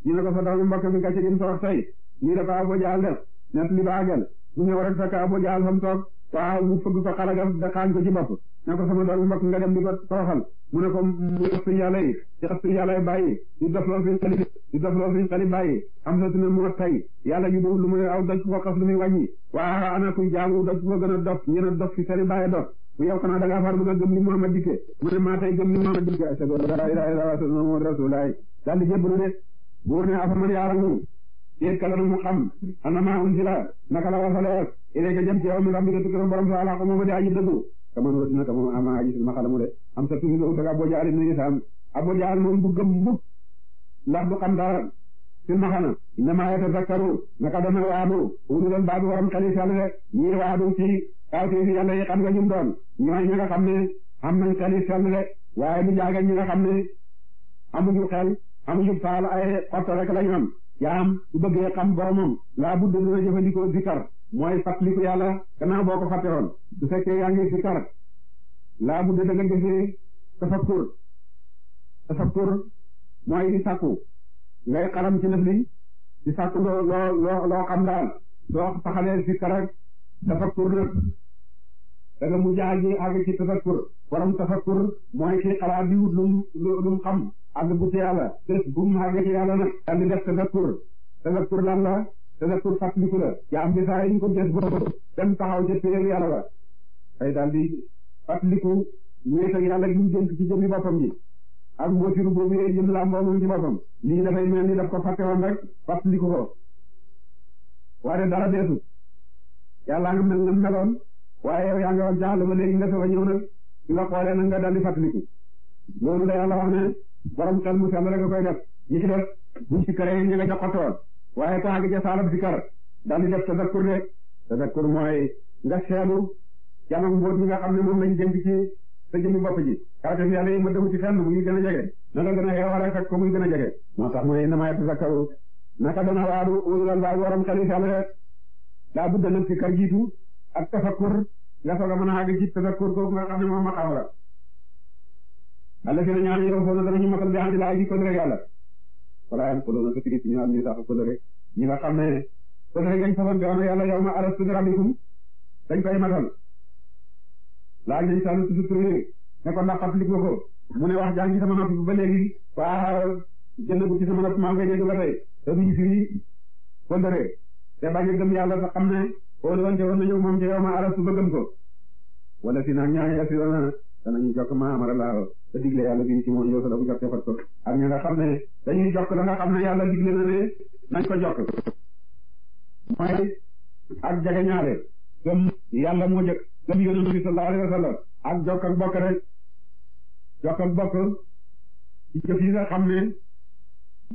ñu ne ko sa doomi mbokk mi gàcce gi mu sa wax tey nii dafa abo jaxal def net li ba àggal mu ñëw rek fekk abo jaxal fa mu toog waaw mu fëgg ko xaragam da xaañ ko ci bopp ne ko sama doom mbokk nga dem di ko tooxal mu ne ko muy xas suñu yàlla yi di xas suñu yàlla yi bàyyi di dofloo suñu xali di dofloo suñu xali bàyyi am sa tuna moo tay yàlla lu muy aw doj ko xas lu muy wàññi waa ana kuy jaamu doj ko gën a dof ñeen a dof fi seen bàyyi dof bu yow xanaa da ngaa far bëgg a gëm ni Muhammad dikke mu ne maa tay gëm ni Muhammad dikke ashhadu an la ilaha illallah wa ashhadu anna muhammadan rasulullah daal di jébbalu de ne afaman yaa rangu déet kala mu xam anama unsila naka la wasalees ilayka jëm ci yow mi rabbika tukkëram borom sa alxaq moom di aji dëggu te man wati na ka moom ama aji silma xalamu de am sa tumi utak abo jaal ibn isam abo jaal moom du gëm mukk ndax du xam dara silma xana innama yatazakkaru naka dana waadu ulu doon baadu waram xeli sell de ñii waadu ci kaw tiifi yàlla yi xam nga ñum doon ñooy ñi nga xam ne am nañ xeli sell de waaye du jaaga ñi nga xam ne amuñu xel amuñu faal ay xott la ñu jaam su bëggee xam boromam laa budd dina jëfandikoo zikar mooy fàttaliku yàlla gannaaw boo ko fàtteroon su fekkee yaa ngi zikar laa budd da nga jëfee tafakkur tafakkur mooy di sàkku ngay ci lëf li di loo loo loo xam daal soo taxalee zikar da nga mujj àgg àgg ci tafakkur borom tafakkur mooy ci xalaat di wut lu lu lu xam àgg bu ci yàlla bés bu mu àgg ci yàlla nag daal di def tafakkur tafakkur lan la tafakkur fàttaliku la jaam bi saa yi ko bés boobu dem taxaw ca téyel yàlla la day daal di fàttaliku ñëwee ak yàlla gi ñu dénk ci jëmmi boppam ji ak mbootiru boobu yooyu jëm la mboo moom ci boppam lii dafay mel ni daf ko fàtte woon rek fàttaliku ko waaye dara deesu yàlla nga mel na meloon waaye yow yaa ngi woon jaaxle ba léegi nga soog a ñëw nag nga xoolee nag nga daldi fàttaliku loolu la yàlla wax ne borom xel mu sell rek a koy def ñi ci def buñ ñu nga ca xottoon waaye taagi ja saalab si kar daldi def tadakkur de tadakkur mooy nga seelu jamono mbóot mi nga xam ne moom lañ jëm ci sa jëmmi bopp ji kawtef yàlla yi ma demu ci fenn muy gën a na nga gën a xeewale fekk ko muy gën a jege moo tax mooy namay tadakkaru naka dana waadu ulul albaab waram xel nga soog a mën a àgg ci tadakkur kooku nga xam ne moom maqaama la. àll fi ne ñaar yow foofu danañu matal bi àndi laa ji kóllëre yàlla wala yàlla kóllëre sa kii ci ñu am ñu sax kóllëre ñi nga xam ne kóllëre ngañ safoon bi ma alastu bi laaj nañ saalu tudd tur yi ne ko ndax fàttali ko ko mu ne wax jàng ci sama nopp bi ba léegi ci sama nopp maa ngi koy dégg ba tey te duñu firi te bañ a gëm yàlla te xam ne óoluwante woon nañu moom ca yow ma aras ba gëm ko wala si nag ñaari assurance danañu jokk ma amara laa te digle yàlla bi ci moom yow sa la ko jokk defal ko ak ña nga xam ne dañuy jokk la xam ne yàlla digle na ne nañ ko jokk mooy ak jage ñaare yàlla moo jëkk gëm yonent bi sallallahu alayhi wa sallam ak jokk ak bokk rek jokk ak bokk jëf yi nga xam ne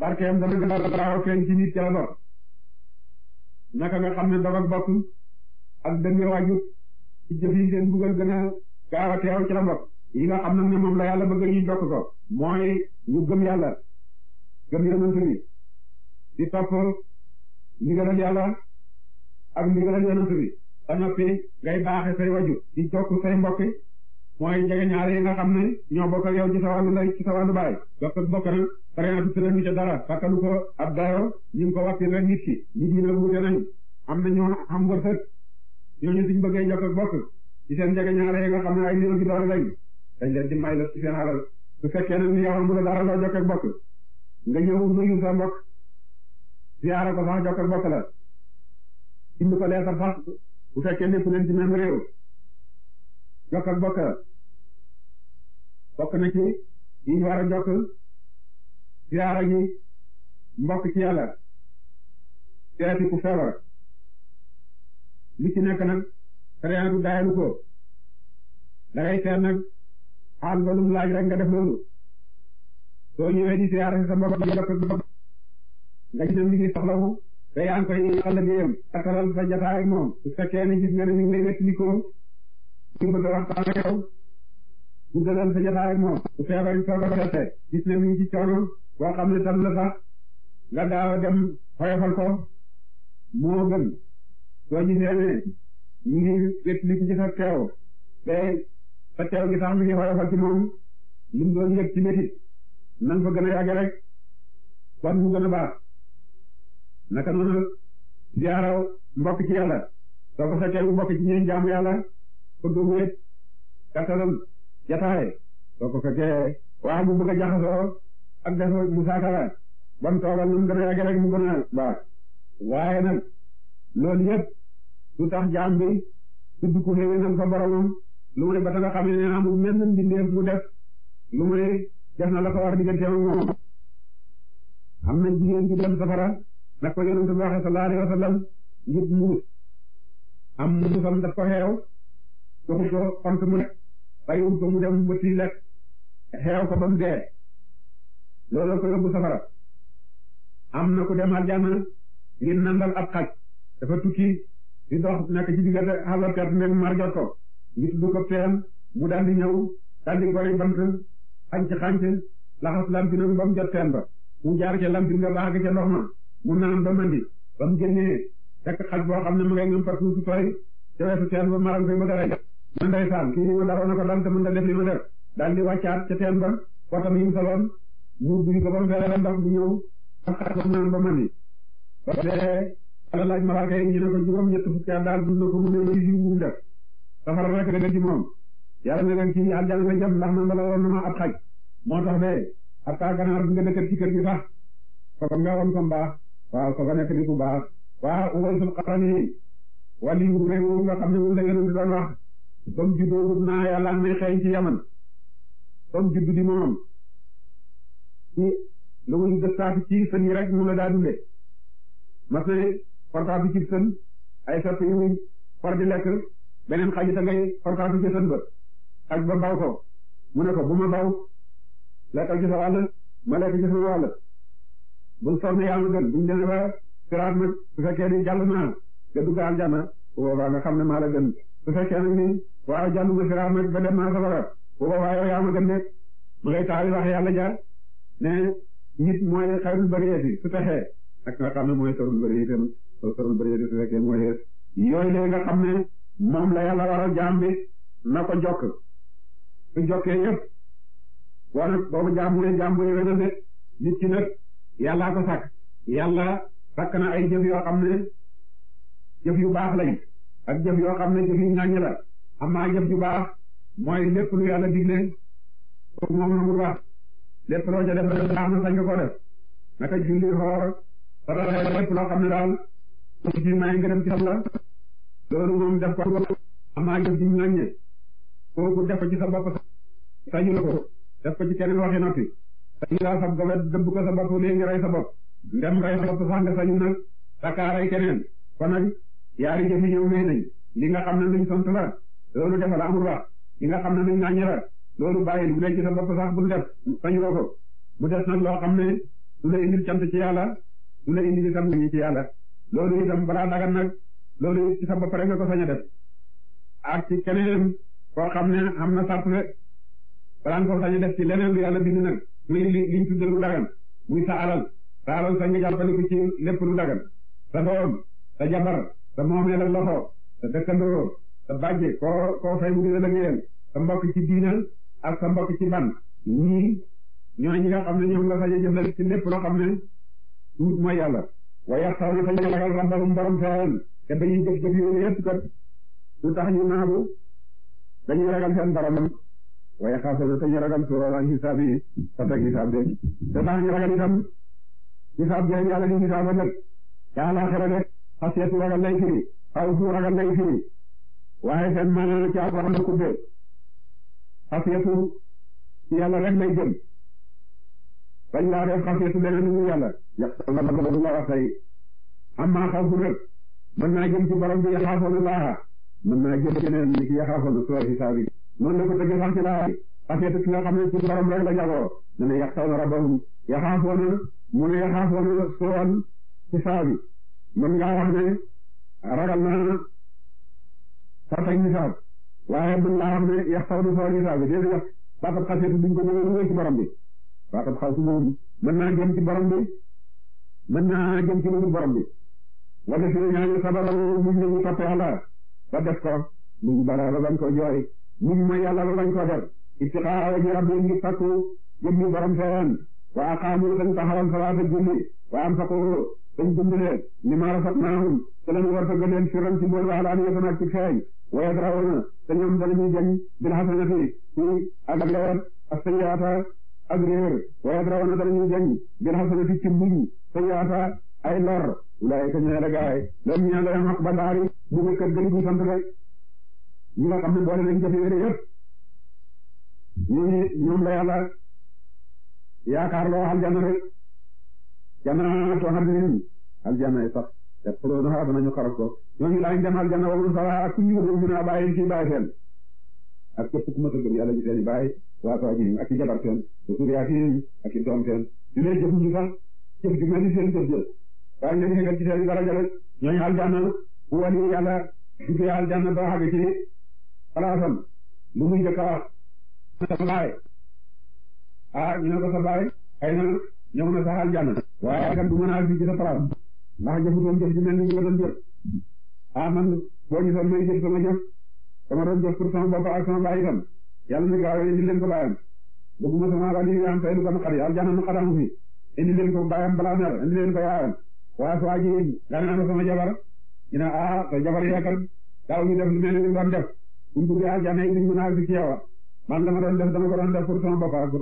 barkeem dana gën a feeñ ci nit ca naka nga xam ne dog bokk ak dënge wàjjut ci jëf yi seen buggal gën a gaaw a teew ci la bokk yi nga xam ne moom la yàlla bëgg ñu dokk ko mooy ñu gëm yàlla gëm yonent bi di topp ndigalal yàlla ak ndigalal yonent bi sa noppi ngay baaxe say wàjjut di jokk say mbokk mooy njegeñaale yi nga xam ne ñoo bokk ak yow ci sa wàllu ci sa baay bokk ak bokk nag na tudd nañu ca dara fàttalu ko ab dayo ñu ngi ko wàppil rek nit ki nit ñi nag wute nañ am na ñoo xam wërsëg ñooñu suñ bëggee jokk ak bokk ci seen njegeñaale yi nga xam ne ay néew ci doole lañ dañ leen di may la ci seen alal su fekkee nag ni yow dara loo jokk ak bokk nga ñëw nuyu sa mbokk ziyaara ko sax jokk ak bokk la bind ko leetar sax bu fekkee nekk leen ci même réew jokk ak bokk bokk na ci yi ñu war a jokk ziyaara gi mbokk ci yàlla seeti ku feebar li ci nekk nag sariya du daayalu ko da ngay seet nag xaal ba lu mu laaj rek nga def loolu soo sa mbokk jokk nga gis ne mi ngi soxlawu te yaa sa jataay ak nga ne mi ngi lay wettili ko ñu bëgg a waxtaan ak bu dëggal sa jotaay ak moom bu feebar yi soog a fekkee ne mi ngi ci coono boo xam ne tam la sax nga daaw dem xoyofal ko moo gën soo gisee ne mi ngi wétli ci sa teew te sa teew gi sax mi ngi xoyofal ci moom lim doon yëg ci métit nan fa gën a yàgg rek kon mu gën a baax naka noonu ziyaaraw ci yàlla soo ko fekkee mu mbokk ci ñeen jaamu yàlla bëgg mu wét kattanam jataay soo ko waa bu bëgg a jaxasoo ak def musaakara bam toogal nu mu gën a yàgg mu gën a waaye nag loolu yëpp du tax jaam bi tudd ku xëy nan ko boromam ba ta nga xam ne nee amul mel mu def lu def na la ko war diggante moom am na jigéen ci dem safara nag ko yonent bi waxe sallallahu muus am muusam daf ko xeew joxu ko xont mu bàyyiwul um ko mu dem ba tii lekk dee loolu ko yóbbu safara am na ku dem aljana ngir nandal ab xaj dafa tukki di dox nekk ci diggante xasar perte mar jot ko ngi tudd ko mu daal di ñëw daal di gori bant xanc xanc laxas lampinam ba mu jot teen ba mu jaar ma mu naan ba mandi ba mu génnee fekk xaj boo xam ne ma ngay ngam partout su tooy ca ba maram koy bëgg a man ndeysaan kii ma daroon na ko dal te mën ta def li ma def daal di wàccaat ca teen ba watam yi mu soloon buur mu fexe ndox mu ba mu ba mani ba dee ala laaj malaaka yi ñu daal dund na ko mu ne lii mu def safara rek dëgg ci moom yàlla ne leen kii aljana la jëm ndax man bala woon na ma ab xaj moo tax de ab taa ganaar bi nga dëkkat ci kër gi sax ko nga woon ko mbaax wali yu réew nga xam ne ba mu juddoo wut naa yàlla may xëy ci yaman ba mu juddu di moomam ci lu muy gëstaati ci sën yi mu la daa dundee mas na fortaatu ci sën ay sott yu muy for di lekk beneen xaji ta ngay fortaatu ci sën ba ak ba baw ko mu ne ko bu ma baw lekkal ci sa wàll ma lekk ci sama wàll bul sonn yaa ma gën buñ demee ba siraat nag su fekkee ni jàll naa nga dugg aljanna boobaa nga xam ne maa la gën su fekkee nag ni waaw jàll ma gën nekk ma ngay taal wax yàlla jaar ne nit mooy xayrul bariyati su texee ak nga xam ne mooy sarul bariyati itam sarul bariyati su nga xam ne moom la yàlla waral jaam bi na jokk su jokkee yëpp boo nag boobu jaam bu ne jaam bu ne de nit ki nag yàllaa ko sàkk yàlla sàkk na ay jëf yoo xam ne jëf yu baax lañ ak jëf yoo xam ne jëf yi ñaañ la amaa jëf ju mooy lépp lu yàlla digle foofu moom la mu baax lépp loo ca def rek baax na sañ nga def naka julli xoor saraxa lépp loo xam ne daal ci may ngërëm ci yàlla loolu moom def ko amaa jëf ju ñaañe kooku def ko ci sa bopp sañu la ko def ko ci keneen waxi noppi sañu laa sab gobet dëbb ko sa bopp léegi rey sa ndem rey sa bopp sañu nag sa rey keneen kon nag yaari jëf yi ñëw wéy li nga xam na luñ sant la loolu defal amul wax li nga xam ne luñ naññe la loolu bàyyi bu leen ci sa bopp sax bul def sañu ko ko des nag loo xam ne du la indil cant ci yàlla du la indil itam ñu ci yàlla loolu itam balaa dagan nag loolu ci sa bopp rek ko sañ a def ak ci keneen koo xam ne am na sart rek balaa nga ko sañ a def ci leneen lu yàlla bind nag muy li liñ tudde lu dagan muy sa alal sa alal sañ nga jàppale ko ci sa moomeel ak loxo sa dëkkandoo sa bàjj koo koo fay mu di lëggéeyal sa mbokk ci diina ak sa mbokk ci ban ñii ñoo ñi nga xam ne ñoom nga sañ a jëflal ci lépp loo xam ne tuut mooy yàlla waaye xaw na sañ a ragal rabbahum borom seen te dañuy jëf jëf yooyu yëpp kat du tax ñu naagu dañuy ragal seen borom waaye xaasa na dañuy ragal suroor ak hisaab yi sa teg hisaab de te tax ñu ragal itam hisaab jooy yàlla di hisaab ëllëg ca àllaaxira de xaseetu ragal lay firi xawfu ragal lay firi na seen maanaam ci alxuraan la kubbee xaseetu yàlla rek lay jëm bañ laa def xaseetu leneen lu yàlla yàlla la wax tey amma xawfu nag mën naa jëm ci borom bi yaxaafoona laaha mën naa jëm ci neen ni ki yaxaafoona soo xisaab yi noonu la ko tëgg sax ci laaha xaseetu ki nga xam ne ci borom rek la jagoo dana yaxtawna rabbahum yaxaafoona mu ne yaxaafoona soo an xisaabi mën ngaa wax ne ragal naa fartay nisaab waaye mën ngaa wax ne yax saw na sawa nisaab déedéet wax baatab xaseetu duñ ko ñëwee ci borom bi baatab xaw si moom mën naa jëm ci borom bi mën naa jëm ci lu borom bi wala si ñaari sabaral muñ nañu topp yàlla ba def ko muñ bala la bañ ko jooy muñ mooy yàlla la bañ ko def istiqaa waji rabbi ngi sakku jëm ñu borom seen wa aqaamu dañ taxawal salaata julli wa am sakku dañ bind leen ni ma rafetnaahum te leen war tagg leen sirran ci mbool wala niyatan ak ci feeñ wa yadra'una te ñoom danañuy jañ bil hasanati ci ak leer ak sayyaata ak réer wa yadra'una danañuy jañ bil hasanati ci mbuñ sayyaata ay lor ulaa'ika ñeela gaay loolu la xaq ba daari bu nga kër gëli bu sant rek ñi nga xam ne boole nañ jafe yére yëpp ñu ñoom la yàlla yaakaar loo aljanna rek janna to xam ne ni aljanna sax te pro na danañu xaraf ko ñooñu daañu dem aljanna wala sala ak ñu ñu na bàyyi ci bàyyi seen ak ñu seen bàyyi waa ak ci jabar seen su suriya ci ak ci doom seen ñu lay jëf sax jëf ju mel ni seen jëf jëf bàyyi ñu ngi ci seen dara jël ñooñu aljanna bu wali yàlla du fi aljanna ba xag ci palaasam lu muy jëkk a wax sa baay ah, ñu ne ko sa ay na ñoo mën a saxal jànn waaye kan du a fii ci sa place ndax jëfutoon jëf ji mel ni la doon jëf ah man boo ñu son may jëf sama jëf sama doon jëf pour sama bopp ak sama baay itam yàlla ne gaaw indi leen ko baayam bëgguma sama wàll yi am fay lu ko naqari aljanna naqaramu fi indi leen ko baayam naa sama jabar ñu ne ah, sa jabar yaakaar daaw ñu def lu mel ni lu doon def buñ duggee aljanna yi duñ mën a fi ci yow man dama doon def dama ko doon def pour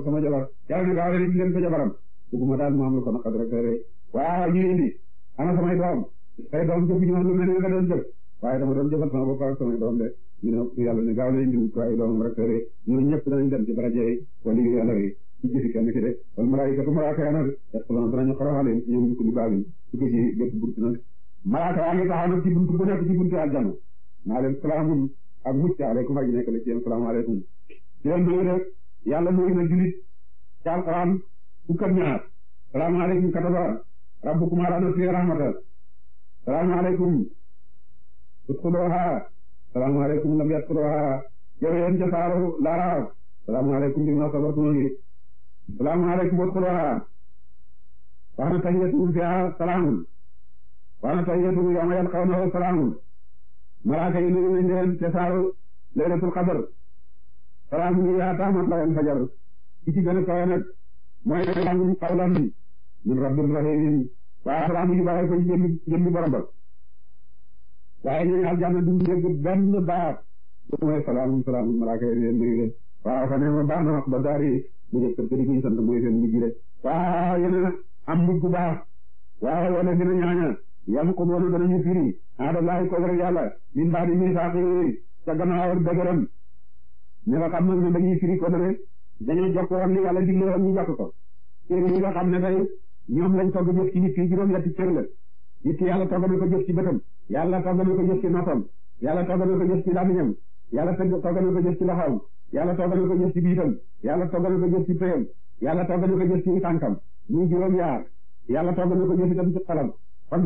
sama bopp bëgguma daal mu am lu a naqari rek day rey waaw ñu indi ana samay doom say doom jëfuñu woon lu mel ne nga doon jëf waaye dama doon jëfal sama bopp ak samay doom de ñu ne yàlla ne gaaw la indi ko ay doomam rek day rey ñun ñëpp danañ dem ci baraje yi wala yu yàlla yi ci jëfi kenn ki de wala malaayikatu malaaka ya nag yaquluna danañu xaraxale ñoom ñu ko di baabi su ko ji gëtt buntu nag malaaka yaa ngi taxaw ci buntu bu nekk ci buntu aljanna naa leen salaamun ak mucc aleykum fukk ak ñaar salaamu alaykum kataba rabbukum ala nafsihi rahmata salaamu alaykum udxuluha salaamu alaykum lam yadxuluha yow yéen ca saaru laaraaf salaamu alaykum bi ma sabartum ngi salaamu alaykum udxuluha wa ana tahiyyatuhum fiha salaamun wa ana tahiyyatuhum yawma yalqawnahu salaamun malaaka yi nuyu nañ leen ca saaru laylatul qadr salaam yi yaa mat la leen fajar ci ci gën a mooy jàngu qawlan min rabbir rahimin waaye salaamu ji bàyyi ko ci jëmmi jëmmi borom ba waaye ñooñu aljanna duñ dégg benn baat mooy salaamu salaamu malaaka yi leen nuyu de waaw fa na wax ba daar mu jëf kër gi ñu sant mooy seen mujj de waaw yéen am mujj bu baax waaw wala dina ñaaña yàlla ko boona danañu firi aada laay ko rek yàlla min baadi mi saaqi ca gannaaw dëgëram ne fa xam nag ne dañuy firi ko dane dañuy jokkoo ak li yàlla digle woon ñu jokk ko téere yi nga xam ne tey ñoom lañ togg jëf ci nit ki juróom-ñetti cër la nit ki yàlla togg na ko jëf ci bëtam yàlla togg na ko jëf ci noppam yàlla togg na ko jëf ci làmmiñam yàlla togg na ko jëf ci loxoom yàlla togg na ko jëf ci biitam yàlla togg na ko jëf ci péyam yàlla togg na ko jëf ci tànkam muy juróom-ñaar yàlla togg na ko jëf itam ci xolam kon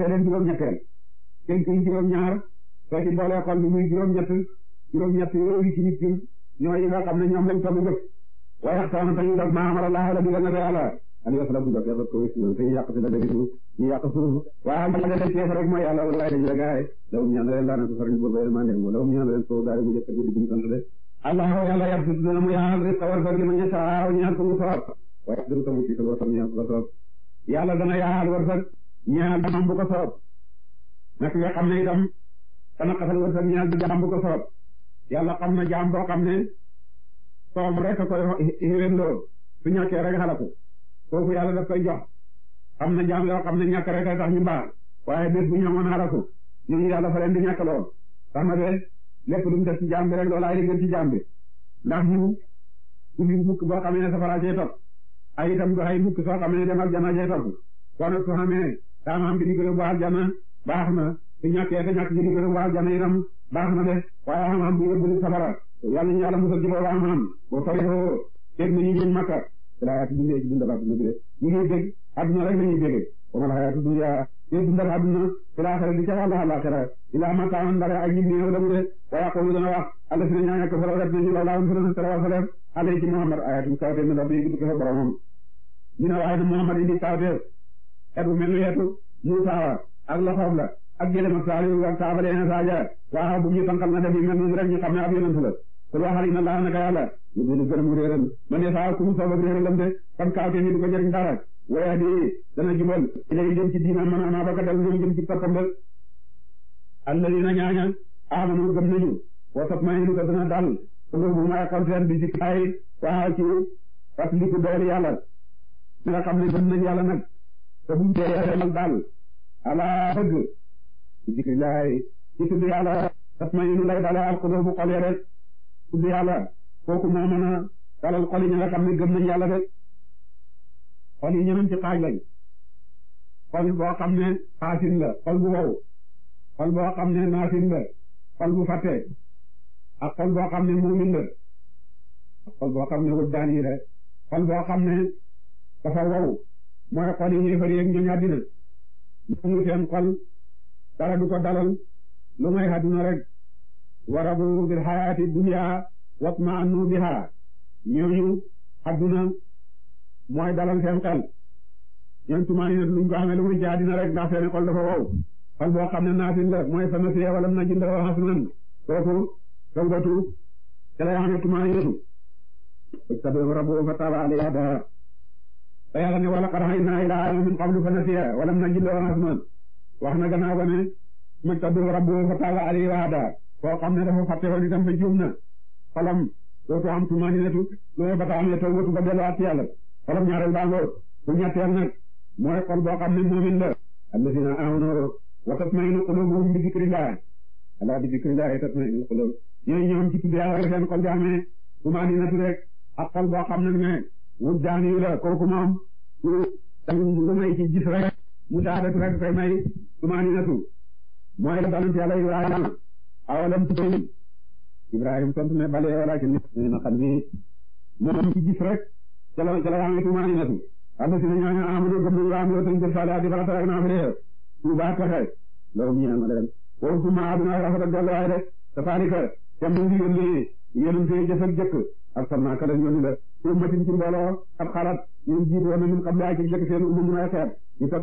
ñaar soo ci boolee xol bi muy juróom-ñett juróom-ñett yooyu ci nit ki ñooy yi nga xam ne ñoom lañ togg jëf waaye axtaana tañu dog maa amara laa la digal na ko yàlla ani wasala bu dog yàlla ko wis na dañu yàq si la dëgg suuf ñu yàq suuf waaye jëlee ceef rek mooy yàlla walaay dañu la gaay lawum ñaan leen laana ko sarañ boobu maa ndem lawum ñaan leen soo daari mu jëkk di diñ sant de allahu yàlla yar si dina mu yaal rek xawar sa lima ña saaw ñaan ko mu soob waaye duru ko mu ci war sam ñaan ko soob yàlla dana yaal war sa ñaan am bu ko soob nag nga xam ne itam dana xasal war sa ñaan bi jaam bu ko soob yàlla xam na jaam boo xam ne soob rek a koy xirendoo su ñàkkee rek xalaku foofu yàlla daf koy jox xam na jaam yoo xam ne ñàkk rek a tax ñu baax waaye bés bu ñoŋoon xalaku ñooñu yàlla fa leen di ñàkk lool tax na de lépp lu mu def ci jaam bi rek loolaay di gën ci jaam bi ndax ñu du mukk boo xamee ne safara cee topp ay itam du ay mukk soo xamee ne dem jana cee topp kon su xamee taamaam bi di ko yóbbu aljana baax na su ñàkkee te ñàkk gi di ko yóbbu aljana itam baax na de waaye am am bu yóbbu yàlla ñu yàlla musal ci loolu am am boo faree dégg nañu ngeen makka te daa yaatu dundee ci dundal àdduna bi de ñu ngi dégg àdduna rek la ñuy déggee wa ma la yaatu dundee ñu dundal àdduna te laa xare di ca wàllu àllaaxira ilaa mataan ndare ak yim néew lamu de wa yaqulu dana wax alla si na ñaaña ko fara ret nañu law laa woon fara sala wa sallam alay ci Muhammad ayatum Muhammad indi kawte etu mel yetu Muusaa wa ak loxoom la ak gëlëm te waxal na laa naka yàlla ñu dul gërëm réeram man de saa ku mu sabab réeralam de kam kaa fi du ko jëriñ dara waaye di dana jubal léegi jëm ci diina man ana baka dal ñoom jëm ci toppam de alladina ñaaña amanu gëm nañu wa tatmainu ko dana dal bu may xol seen bi ci ay waa ci fàttaliku doyal yàlla nga xam ne gëm nañ yàlla nag te buñ dal ala bëgg ci zikrillahi ci tudd yàlla tatmainu lay dale al qulubu xol ya rek tudd yàlla kooku moo dalal xol yi ñi ne gëm nañ yàlla rek xol yi ñeneen ci xaaj lañ xol boo xam ne xaasin la xol bu wow xol boo xam ne naasin la xol bu fàtte ak xol boo xam ne muumin la ak xol boo xam ne wut daan yi la xol boo xam ne dafa wow mooy xol yi ñuy fari ak ñoñ àddina mu ngi seen xol dara du ko dalal lu may àddina rek wa radu bil hayaati dunya watma'annu biha ñooñu adduna mooy dalal seen xel ñoom tumaani nag luñ ko xamee lu muy jaadina rek ndax seen xol dafa wow xol boo xam ne naafin la mooy sa nasiya wala na jinda wa hasnan kooku tawbatu ca lay xamee tumaani natu istabir rabbu fa fa nasiya walam najid wa hada koo xam ne dafa fàtte woon itam fa juum na xolam dootu am tumaninatu loolu ba taxam ne tawbatu ba delluwaat ci yàlla xolam ñaareel baangoo bu ñetteel nag mooy xol boo xam ne moomin la alladina amanu wa tatmainu qulubuhum bi zikrillah ala bi zikrillah tatmainu qulub ñooy ñoom ci tudd yàlla rek seen xol bi amee tumaninatu rek ak xol boo xam ne ne mu jaaniyu la kooku moom lu may ci gis rek mu daadatu rek koy may tumaninatu mooy awalam tuuti Ibrahima tontu ne bale walakin na xam ni moom ci gis rek ca la ca la yaa ngi tuuma ñu natu ànd si ne ñooñu Amadou Gabdou Lam yow tamit Jalle Aliou Bala Talla ak ma dem wala suma aduna rafet ak delluwaay de safaari ka te mu ngi yónni yéen fee jëf ak jëkk ak sam naa ka dañ yónni la pour matin ci mbooloo ab xalaat ñun na ñun di ko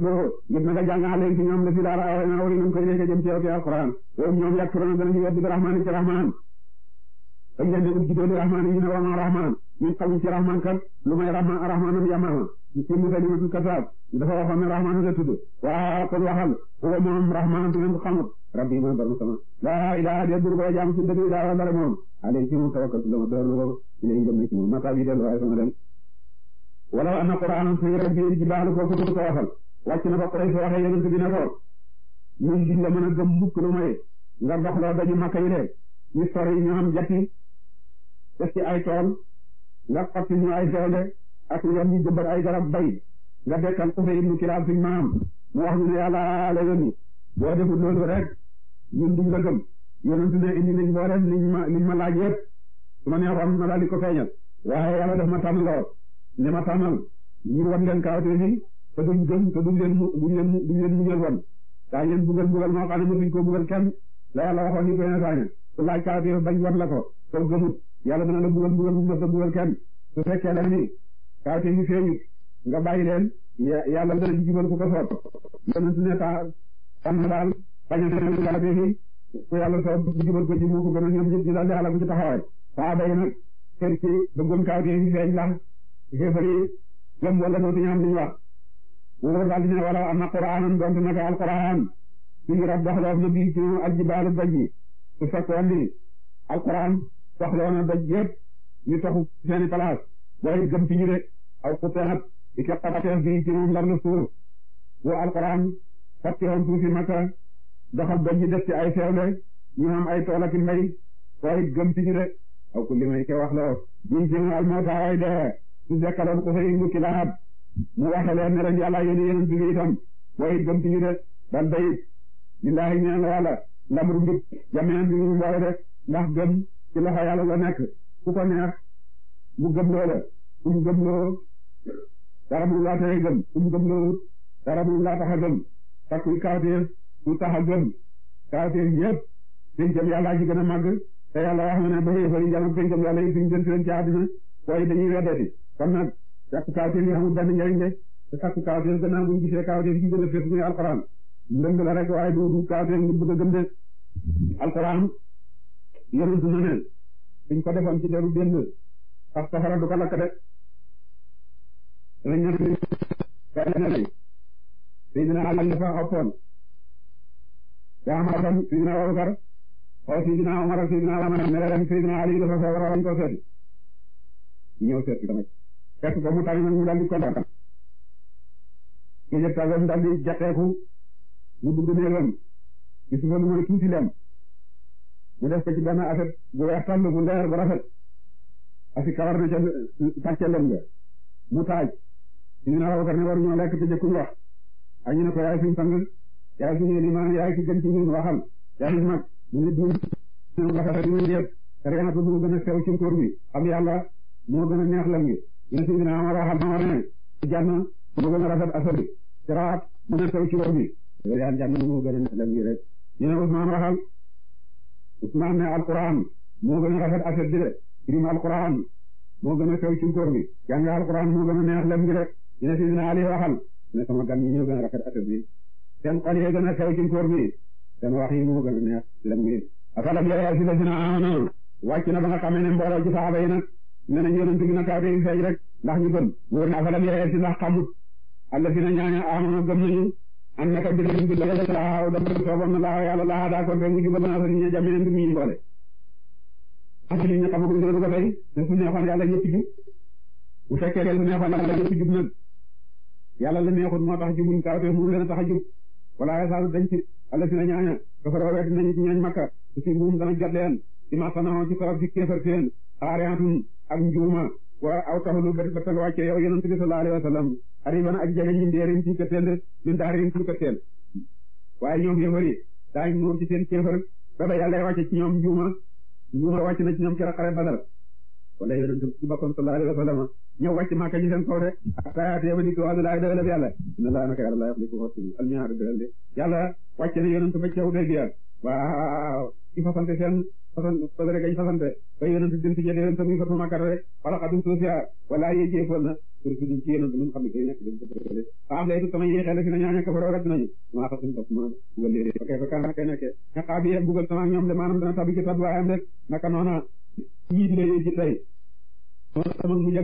gis nga jàngale ci ñoom la fi laara aw na wari nañ koy léegi jëm ci a ci alquran ñoom ñoom yàgg turam danañu weddi bi rahmaan ci rahmaan ak ngeen di ut ci dooli rahmaan yi ne wama rahmaan ñun xamuñ ci rahmaan kan lu may rahmaan rahmaanam yamaama ci musalimatul a dafa waxoon a rahmaan la a waa kon waxal huwa moom rahmaan ngeen ko xamut rabbi ma bar sama laa ilaaha illa huwa jaamu ci dëgg daa wala moom alayhi tawakkaltu dama doorlu ko ilayhi dem na ci moom ma taa bi dellu wala ana qur'anan fi rabbin ci baalu ko ko ko waxal wàcc na ko Quraysh waxee yonent bi ne ko ñun duñ la mën a gëm lu may nga doxloo dañu makka yi de ñu sori ñu am jati def ay tool nga xotti ñu ay doole ak yoon ñu ay garab bay nga dekkal Ubay ibnu Kilaab suñ maam mu wax ñu ne yàlla la yónni boo deful loolu rek ñun duñ la gëm yonent ne indi liñ ma liñ ma laaj yëpp su ma neexoon ma daal di ko feeñal waaye def ma tànn li ma tànnal ngir wan leen kaawtee fi te duñ gëm te duñ leen duñ leen duñ leen muñal woon daañu leen bugal bugal moo xam ne mënuñ koo bugal kenn la yàlla waxoon ni benn saa su laaj kaawtee bañ wan la ko soo gëmut yàlla dana la bugal bugal mu mës a bugal kenn su fekkee la ni kaawtee fi feeñut nga bàyyi leen yàlla dana ci jubal ku ko soob yonent ne ta tànn daal bañ a kaawtee fi ku yàlla soob jubal ko ci moo ko gën a ñoom ñëpp ñu daal di xalaat ci taxawaay saa bay nag kër ci yéefar yi lam wala dootuñu am luñu wax mu ko daal di ne wala am na qur'aanan donte naka alqur'aan suñu rab doxloof na bii ci aljibaalu daj yi su fekkoon ni alqur'aan doxloo na daj yépp ñu taxu seeni place booy gëm ci ñu aw xuteenat i ke xabateef bii ci moom lar na suuf bu alqur'aan fàttewoon suufi makka doxal daj yi def ci ay feewle ñu am ay tool ak mbay gëm ci ñu aw ku li may ke wax loo ñii ci mu almootaa way dee dekkaloon ko fay bukki laab mu waxe leen ne leen yàlla yónni yonent bi itam gëm ci ñu de dal dayit lillaahi la yàlla lamru mbit jameen bi ñu boole gëm ci loxo la nekk ku ko neex mu gëm loo la gëm loo dara mu laa tax a gëm um gëm loo dara mu laa tax a gëm takkuy kawteef du tax a gëm kawteef yépp pencam yàlla ji gën a màgg te yàlla wax na ne ba yéefari njam ak pencam yàlla yi suñ gën ci leen ci àddina waaye dañuy weddati kon nag sàkku kawteef yi amul benn de te sàkku kawteef gannaaw bu ñu gisee kawteef gën a fees muy a gëm de alxuraan yërul su naneel suñ ko ci deru benn sax safara du ko lakk de lañ nag Seydina Ali dafa oppoon jaama tam Seydina Abubakar oo Seydina Omar ak Seydina Usmaan ne Ali dafa feebar waroon ko ko nag fekk ba mu tàng nag mu daal di kontaan. mu jël tàggam daal di jaqeeku mu dugg néegam gis nga lu mooy tuuti lem mu def ko ci benn affaire bu weex tàll bu leer bu rafet asi kawar na ca sax ca lem mu taaj ñu ne Abubakar ne war ñoo lekk te jëkkuñ wax ak ñu ko yaay suñ sang yaay suñu limaan yaay ki gën ci ñun waxal yaay suñ mag mu nit ñun ñoom rafet di muy yëpp te rek na ko mu gën a sew ci nguur bi xam yàlla moo gën a neex lem gi yéen si dina Omar janna mu gën a rafet asar siraat mu gën a sew ci lool bi yaan janna mu gën a nelam yi rek ñu ne Ousmane waxal Ousmane ne alquran moo gën a rafet asar bi de irim alquran moo gën a sew ci koor bi jàng alquran moo gën a neex lem bi rek ñu si dina Ali waxal ne sama gan ñi gën a rafet asar bi seen xol gën a sew ci bi seen wax moo gën a neex lem bi afalam yara si la dina amoon wàcc na ba nga xamee ne mbooloo ci saaba yi nag nee nañ yonent bi na kaw day feeñ rek ndax ñu gëm wóor na falam yee si ndax xamut àll fi na ñaaña amoon nañu am na ko bilañ bi na laaw yàlla laa daa kon fekk ñu jubal naa sa ñu jàmm ne mbir ñu boole ñu xamaguñ dina ñëpp jub bu fekkee su neexoon yàlla ñëpp jub nag yàlla la neexut moo tax jubuñ kaw te mënu leen a tax a jub wala saalu dañ ci àll ñaaña dafaroo wet nañu ci ñaañ makka su si buum dana jot ci masanaoo ci korop ci kéefar seen xaariatum ak njuuma wa aw taxalu ba ba nga wàccee yow yonent bi sallallahu alayhi wa sallam arriban ak jege ñi ndeerin suñ ko teel ñun daarin suñ ko teel waaye ñoom yëfar yi daañ moom ci seen kéefar ba ba yàlla wàcce ci ñoom njuuma njuuma wàcc na ci ñoom keroog xare Badar wala yonent ci boppam sallallahu alayhi wa sallam ñëw wàcc Màkka ñu seen kaw de atayaatee ba dikk wàllu laay dëgëlab yàlla inna laa naka yàlla laa yaxliqu seen fasan fasare gañ fasante ba yonent dem ci jël yonent muy fatu makkar rek wala xadum soosia wala yee jéefoon na pour si a yonent mun xam ne koy nekk dañ ko bëgg faam lay sama si na ñaaña kafaroo rek nañu maa fa suñu bopp ma bugal leen ok fa kan kay nekkee nga xaab noona ñii di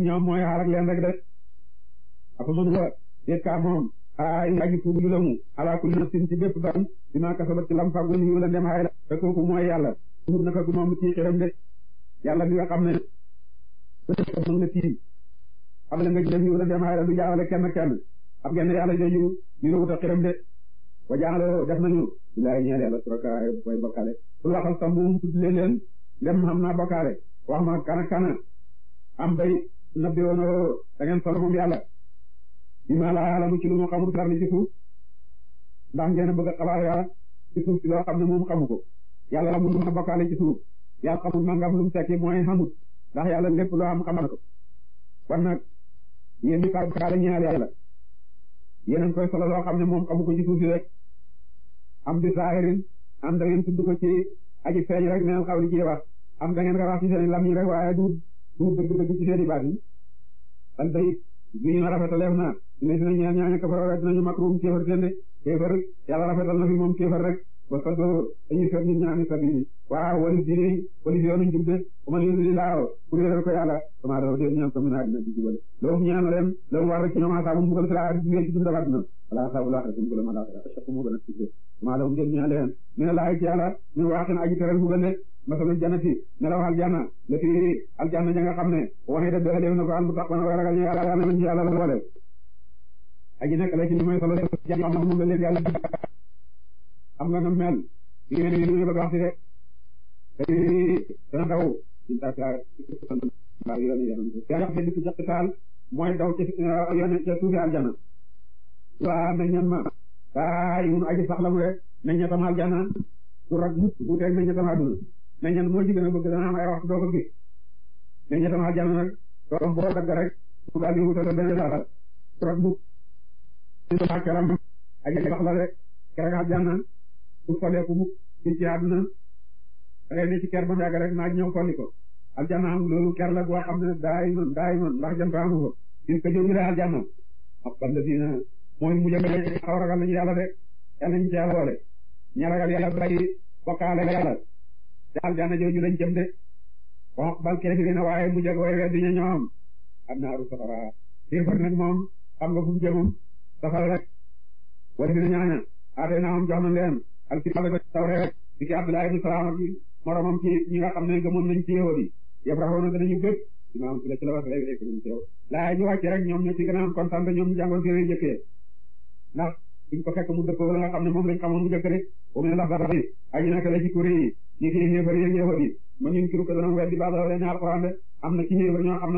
ñoom mooy xaar leen rek de afa mën wa déet kaa moom ay aji fuuglu la mu ala kulli nafsin ci bépp dam dinaa kasabat ci lam fàggu yiw la ndem xay la te kooku mooy suuf naka gu moom ci xiram de yàlla mi nga xam ne na tii xam la nga kenn kenn ab genn yàlla jooju ñu ne wut a xiram de wa jaawale def nañu lay ñeel yàlla surakaay booy bokkaale pour waxal sa moom tudd leen leen dem xam naa bokkaale wax ma kana kana am bay nabbi woon da ngeen sonn yàlla bi ma la alamu ci lu mu xamul dara ci suuf ndax ngeen bëgg a xam ne moom xamu ko yàlla xamul lu mu bokkaale ci suuf yàlla xamul mangaf lu mu tekki mooy xamut ndax yàlla lépp loo xam xamal ko kon nag yéen ñi bokkaale ñaar yàlla yéen koy solo loo xam ne moom xamu ko ci suuf si rek am bi saahirin am da ngeen ci aji feeñ rek neen xaw li ci wax am da ngeen ko wax ci seen lam yi rek waaye du du dëgg-dëgg ci seen i yi al bayit bi ñu rafetaleef na dina si na ñaan ñaan kafaroo dinañu makruum kéefar seen de kéefar yàlla rafetal na fi moom kéefar rek ba fa dañuy fer ñun ñaari fer yi waaw wala diine wala yoonu njub de man yéen di laaw pour yore ko yàlla sama dafa dee ñoom tamit naa dina ci jubale loolu ñaan na leen loolu war rek ci ñoom asaabu mbugal fi laa ngeen ci dundabaat na wala asaabu laa xasee mbugal ma laa xasee chaque moo gën a tuddee sama dafa ngeen ñaan leen mais laa ci yàlla ñu waax na aji teral mbugal de masalul jannati melaw aljanna la fi aljanna ña nga xam ne waxee da doxalee na ko al mutaqwana wa ragal yàlla nañ ci yàlla la wale aji nekk la ci mooy solo moom la leen yàlla am nga nu mel ci yéen a ngi bëgg a wax ci rek tey dana daw ci Dakar waaw yoon yoon yaa ngi ci jàpp taal mooy daw ci euh, yoon ca suufi aljana waa meññan ma waa yu aji sax la mu rek meññatam aljana du rag mukk bu teg meññatam àdduna meññan moo ci gën a bëgg dana am ay waxtu doo ko gis meññatam aljana nag doo boo dagg rek mu daal di wutal benn dara du rag mukk aji sax la rek kerek aljana pour folleeku mukk fii ci àdduna rey na ci ker ba mu naaj ñëw folli ko aljanna am loolu ker la boo xam ne daay man daay man ndax jant amu fa il ko jógi la aljanna wax banda dina mooy mujjë xaw ragal nañu yàlla de yàlla ñu ci yàlla boole ña ragal yàlla bàyyi bokkaale yàlla te aljanna jooju lañ jëm de wax bal keefirina waaye mujjëg way weddi ña ñoom am naaru safara fiir far nag moom xam nga fu mu jëmum safara rek wari dina ñaaña aate ak ci xale ba taw rek di ci Abdullah ibn Salaam ak moromam ci ñi nga xam ne gëmoon nañ ci yow bi yëpp raxoon na dinañu bépp imaam ci la ci la wax léegi ñu teew laa ñu wàcc rek ñoom ñoo ci gën a am kontaan ñoom ñu jàngoon téere jëkkee ndax duñ ko fekk mu dëppoo la nga xam ne moom lañ xamoon mu jëkk rek wa min aji nekk la ci kuréel yi ñi ci xéefar yi ma ñun kiru ko dana weddi baada la ñaar alquran de am na ci xéefar ñoo xam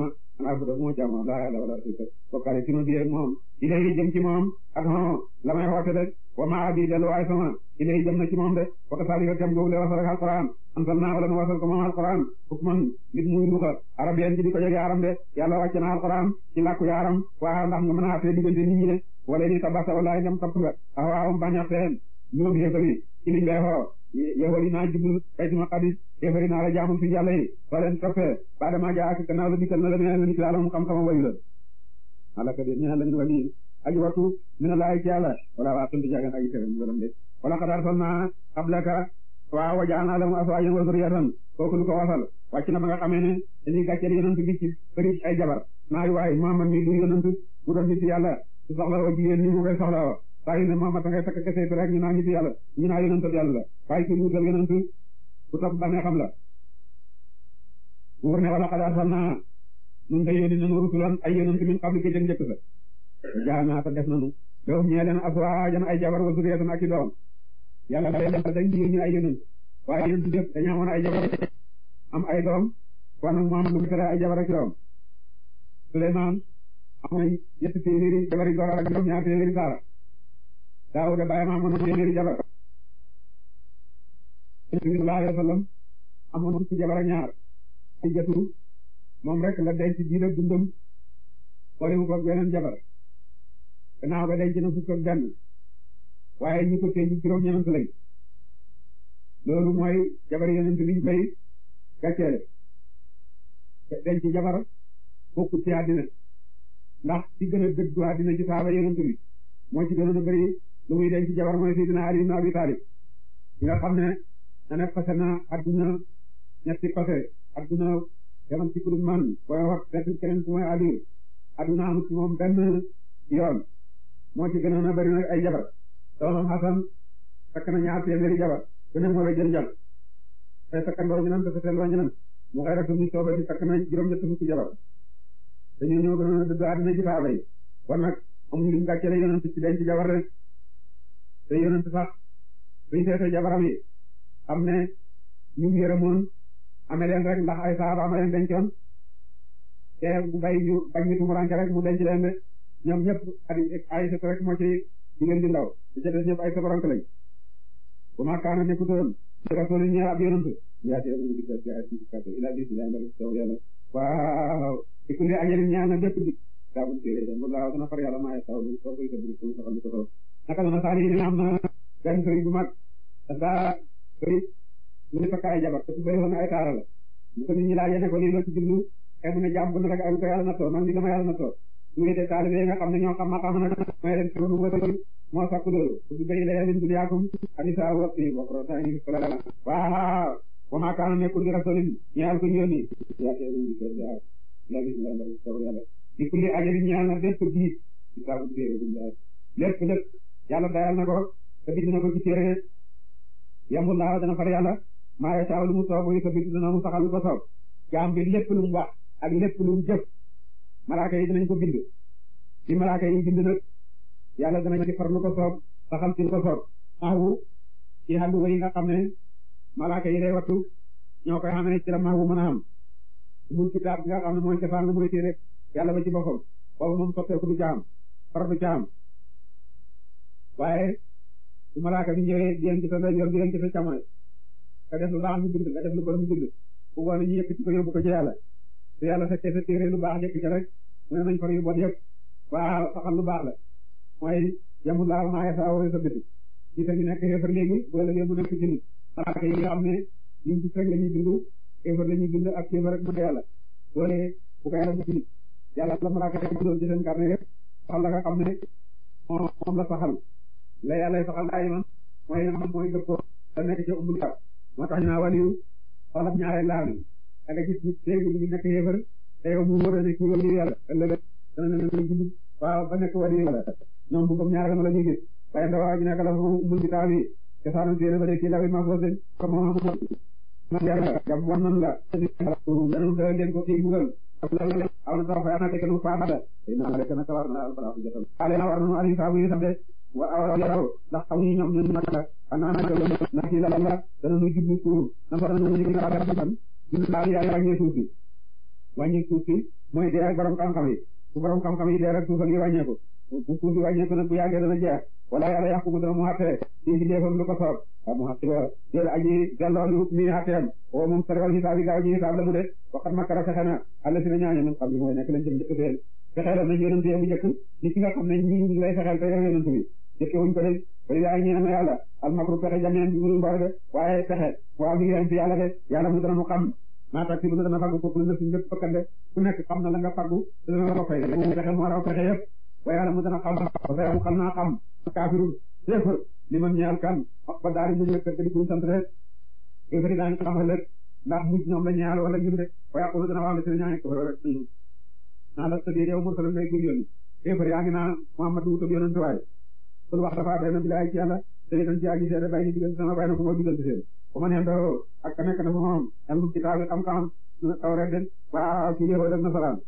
ne xanaa ko def moo jaamoo laa la wala sika bokkaale ci ma biir moom ilayhi jëm ci moom ak hon la may xoote rek wa maa bi delluwaay sama ilayhi jëm na ci moom de wa kasaalika kam googu le wasal ak alquran ansal naa wala nu wasal ko moom alquran hukman nit muy luxa arabiyan ci di ko jóge aram de yàlla wàcc na alquran ci làkku yaaram waa ndax nga mën a fee diggante nit wala ni tabasa wala ngam topp nga aw waaw bañax seen ñoo gisee tamit ci liñ lay xoo yowali naa jublu baytul maqdis yowali naa la jaamu fi yàlla yi soo leen toppee baadamaa jaa ak gannaaw la dikkal na la mel ni ci laalum xam-xamam wayu la alaka bi mina a wali aji wattu mina laay ci yàlla wala waa tuntu wa aji tere mu doon a wala xadaar sol naa xablaka waa wajaana lam azwaajan wa zurriyatan kooku lu ko na ba nga xamee ne dañuy gàcceel yonent bi ci bëri ay jabar naay waay Muhammad mi du yonent bu doon nit yàlla su soxla wa jigéen ni mu koy soxla bàyyi ne Muhammad da ngay takk kese bi rek ñu naa ngi ci yàlla ñu naa yonental yàlla la waaye kii wuutal yonent ku topp xam la mu ne wala xad arsalnaa nun day yónni nanu rusulan ay yonent min qabli ki jëg njëkk sa jaanaa ta def nanu doof ñee leen aswaajan ay jabar wa zuriyatan ay yonent waaye am ay doom kon nag mu ngi tere ay jabar ak i doom Suleymaan amoon ñetti téeméeri jabari góor ak juróom ñaar téeméeri saara daawuda bàyyam amoon téeméeri jabar sallallahu alayhi jabar ak ñaar ay jatu moom rek la denc diina dundam wari wu ko beneen jabar gannaaw ba denc na fukk ak benn waaye ñi ko téye juróom-ñeent lañ loolu mooy jabar yonent liñ koy gàcceele denc jabar bokkut ci àddina ndax ci gën dëggu àddina ci saaba yonent bi moo ci gënoon a bëri lu muy denc jabar mooy Seydina Ali ibn Abi Talib bi nga xam ne na ne fase na adduna ñetti fase adduna ci kudub man booy wax fekk keneen ku mooy Ali adduna amut ci moom benn yoon moo ci gënoon a bari nag ay jabar doomam Hasan takk na ñaar téeméeri jabar ku ne moo la jël jal fay sakkan baro ñu nan te sa seen nan mu xëy rek ñu di takk na juróom-ñett fukki jabar dañoo ñëw gënoon a dëdd adduna ji faaba yi kon nag amuñu luñ gàccele yonent te yonent sax buy seete jabaram yi xam ne ñu ngi yërëmoon ame rek ndax ay saaba ama leen te bu bay ñu bañ ñu tumuranke rek mu denc leen de ñoom ñëpp ay sët rek moo ci jigéen di ndaw di ca des ñëpp ay sabarank lañ bu ma kaana nekkutoon rasul ñi ab yonent yaa ci ila bis ila mbal so yàlla waaw di ku ne ajalin ñaan na bépp di daabul téere dana far yàlla maaye saw lu naka la masaani yi ne am na euh, benn sëriñ bu mag daf daa sëriñ mu ne takka ay jabar te su bëri woon ay la mu ko nit ñi laajee ne ko lii la ci jublu xëy mu ne jàmm bu ne rek am ko yàlla nattoo man li dama yàlla nattoo mu ngi dee taalibe nga xam ne ñoo xam maqaam nag may leen sironu wëtol moo sakku loolu su bëri la min dunyaakum anisa wati bokro tani sala waaw wamaa kaana li rasulin ñeel ku yónni di kulli ajali na lépp biis i sabu lépp lépp yàlla dayal na ko te bind na ko ci téere yambu laa dana far yàlla maa sha lu mu soob yu ko bind mu saxal lu ko soob jaam bi lépp lu mu wax ak lépp lu mu jëf malaaka yi dinañ ko bind ci malaaka yi bind nag yàlla danañ ci far lu ko soob saxal ci lu ko soob maawu ci xàlluwa yi nga xam ne malaaka yi lay wattu ñoo koy xamee ci la maawu mën a am bul kitaab bi nga xam ne mooy cosaan lu mooy téere yàlla ba ci boppam boobu moom sotteeku waaye su malaaka bi ñëwee di leen ci sa ndeyjoor di leen ci sa càmmoñ nga def lu baax mu bind nga def lu bon ko ci yàlla su yàlla fekkee sa lu baax njëkk ca rek mu ne nañ far yu bon yëpp waa saxal lu baax la mooy yamul laa ma sa woo sa bitu ci te ñu nekk xéefar léegi bu ëllëgee mu nekk la ñuy bind la ñuy bind ak xéefar rek mu yàlla loolee la malaaka yi doon ci seen carnet yëpp moom la saxal la yàlla saxal daayimam mooy xam mooy gëm ko da nekk ca umbul kaw moo tax ñu naa waliyu xolab ñaare ba nekk waliyu yàlla ñoom bu gëm ñaare ma la ñuy gis waaye ndaw ñu nekk la la danu da leen ko ci bugal aw na taw na tekkanu faada te naa rek de wa a ndax xamuñu ñoom ñun naka la xanaa nag ci lan na fa danañu ñu nga xam tam jublu daal yàlla wàññi suuf si wàññi suuf si mooy dee ak borom xam-xam yi bu borom xam-xam yi suuf a ngi wàññeeku bu suuf bi nag bu yàggee dana jeex wala yàlla yàqu mu dana mu xattee ci ci defam lu ko soob wa mu xatti wa dél aji delloolu mi xatteem o moom sarewal xisaab yi gaaw ñi xisaab la mu de waxat makara fexe na àlla si na ñaaño min xam li mooy nekk lañ jëm jëkkateel fexeel nañ yonent yi bu njëkk nit ki nga xam ne ñi ngi lay fexeel te yow yonent bi jëkke wuñ ko de bari yaa ngi ñaan yàlla almakru pexe jameen bi mënul bari waaye pexe waaw mi ngi yem ci yàlla de yàlla mu dana mu xam maa tax ci lu dana fàggu ko na suñu de ku nekk xam na la nga fàggu te dana la fay pexe moo raw pexe yëpp waaye yàlla mu dana xam mu xam naa xam kaafirul séefar li man ñeel kan ba daari ñu ñëw fekk di kuñ sant de yëfati daañu xam ëllëg ndax mujj ñoom la ñaal wala ñun de waaye aqulu dana wax la ci naa la sëbëri yow mursalam ngay jël yoon kéefar yaa ngi naan Muhammad wutub yonent waaye kon wax dafa bay na bilaay ci yàlla sëy tan ci yaa ngi seede bay ni diggante sama bay na ko moo diggante seen bu ma neen doo ak ka nekk dafa moom elmu kitaabi xam-xam tawreet den waa ci yéexoo def nasaraan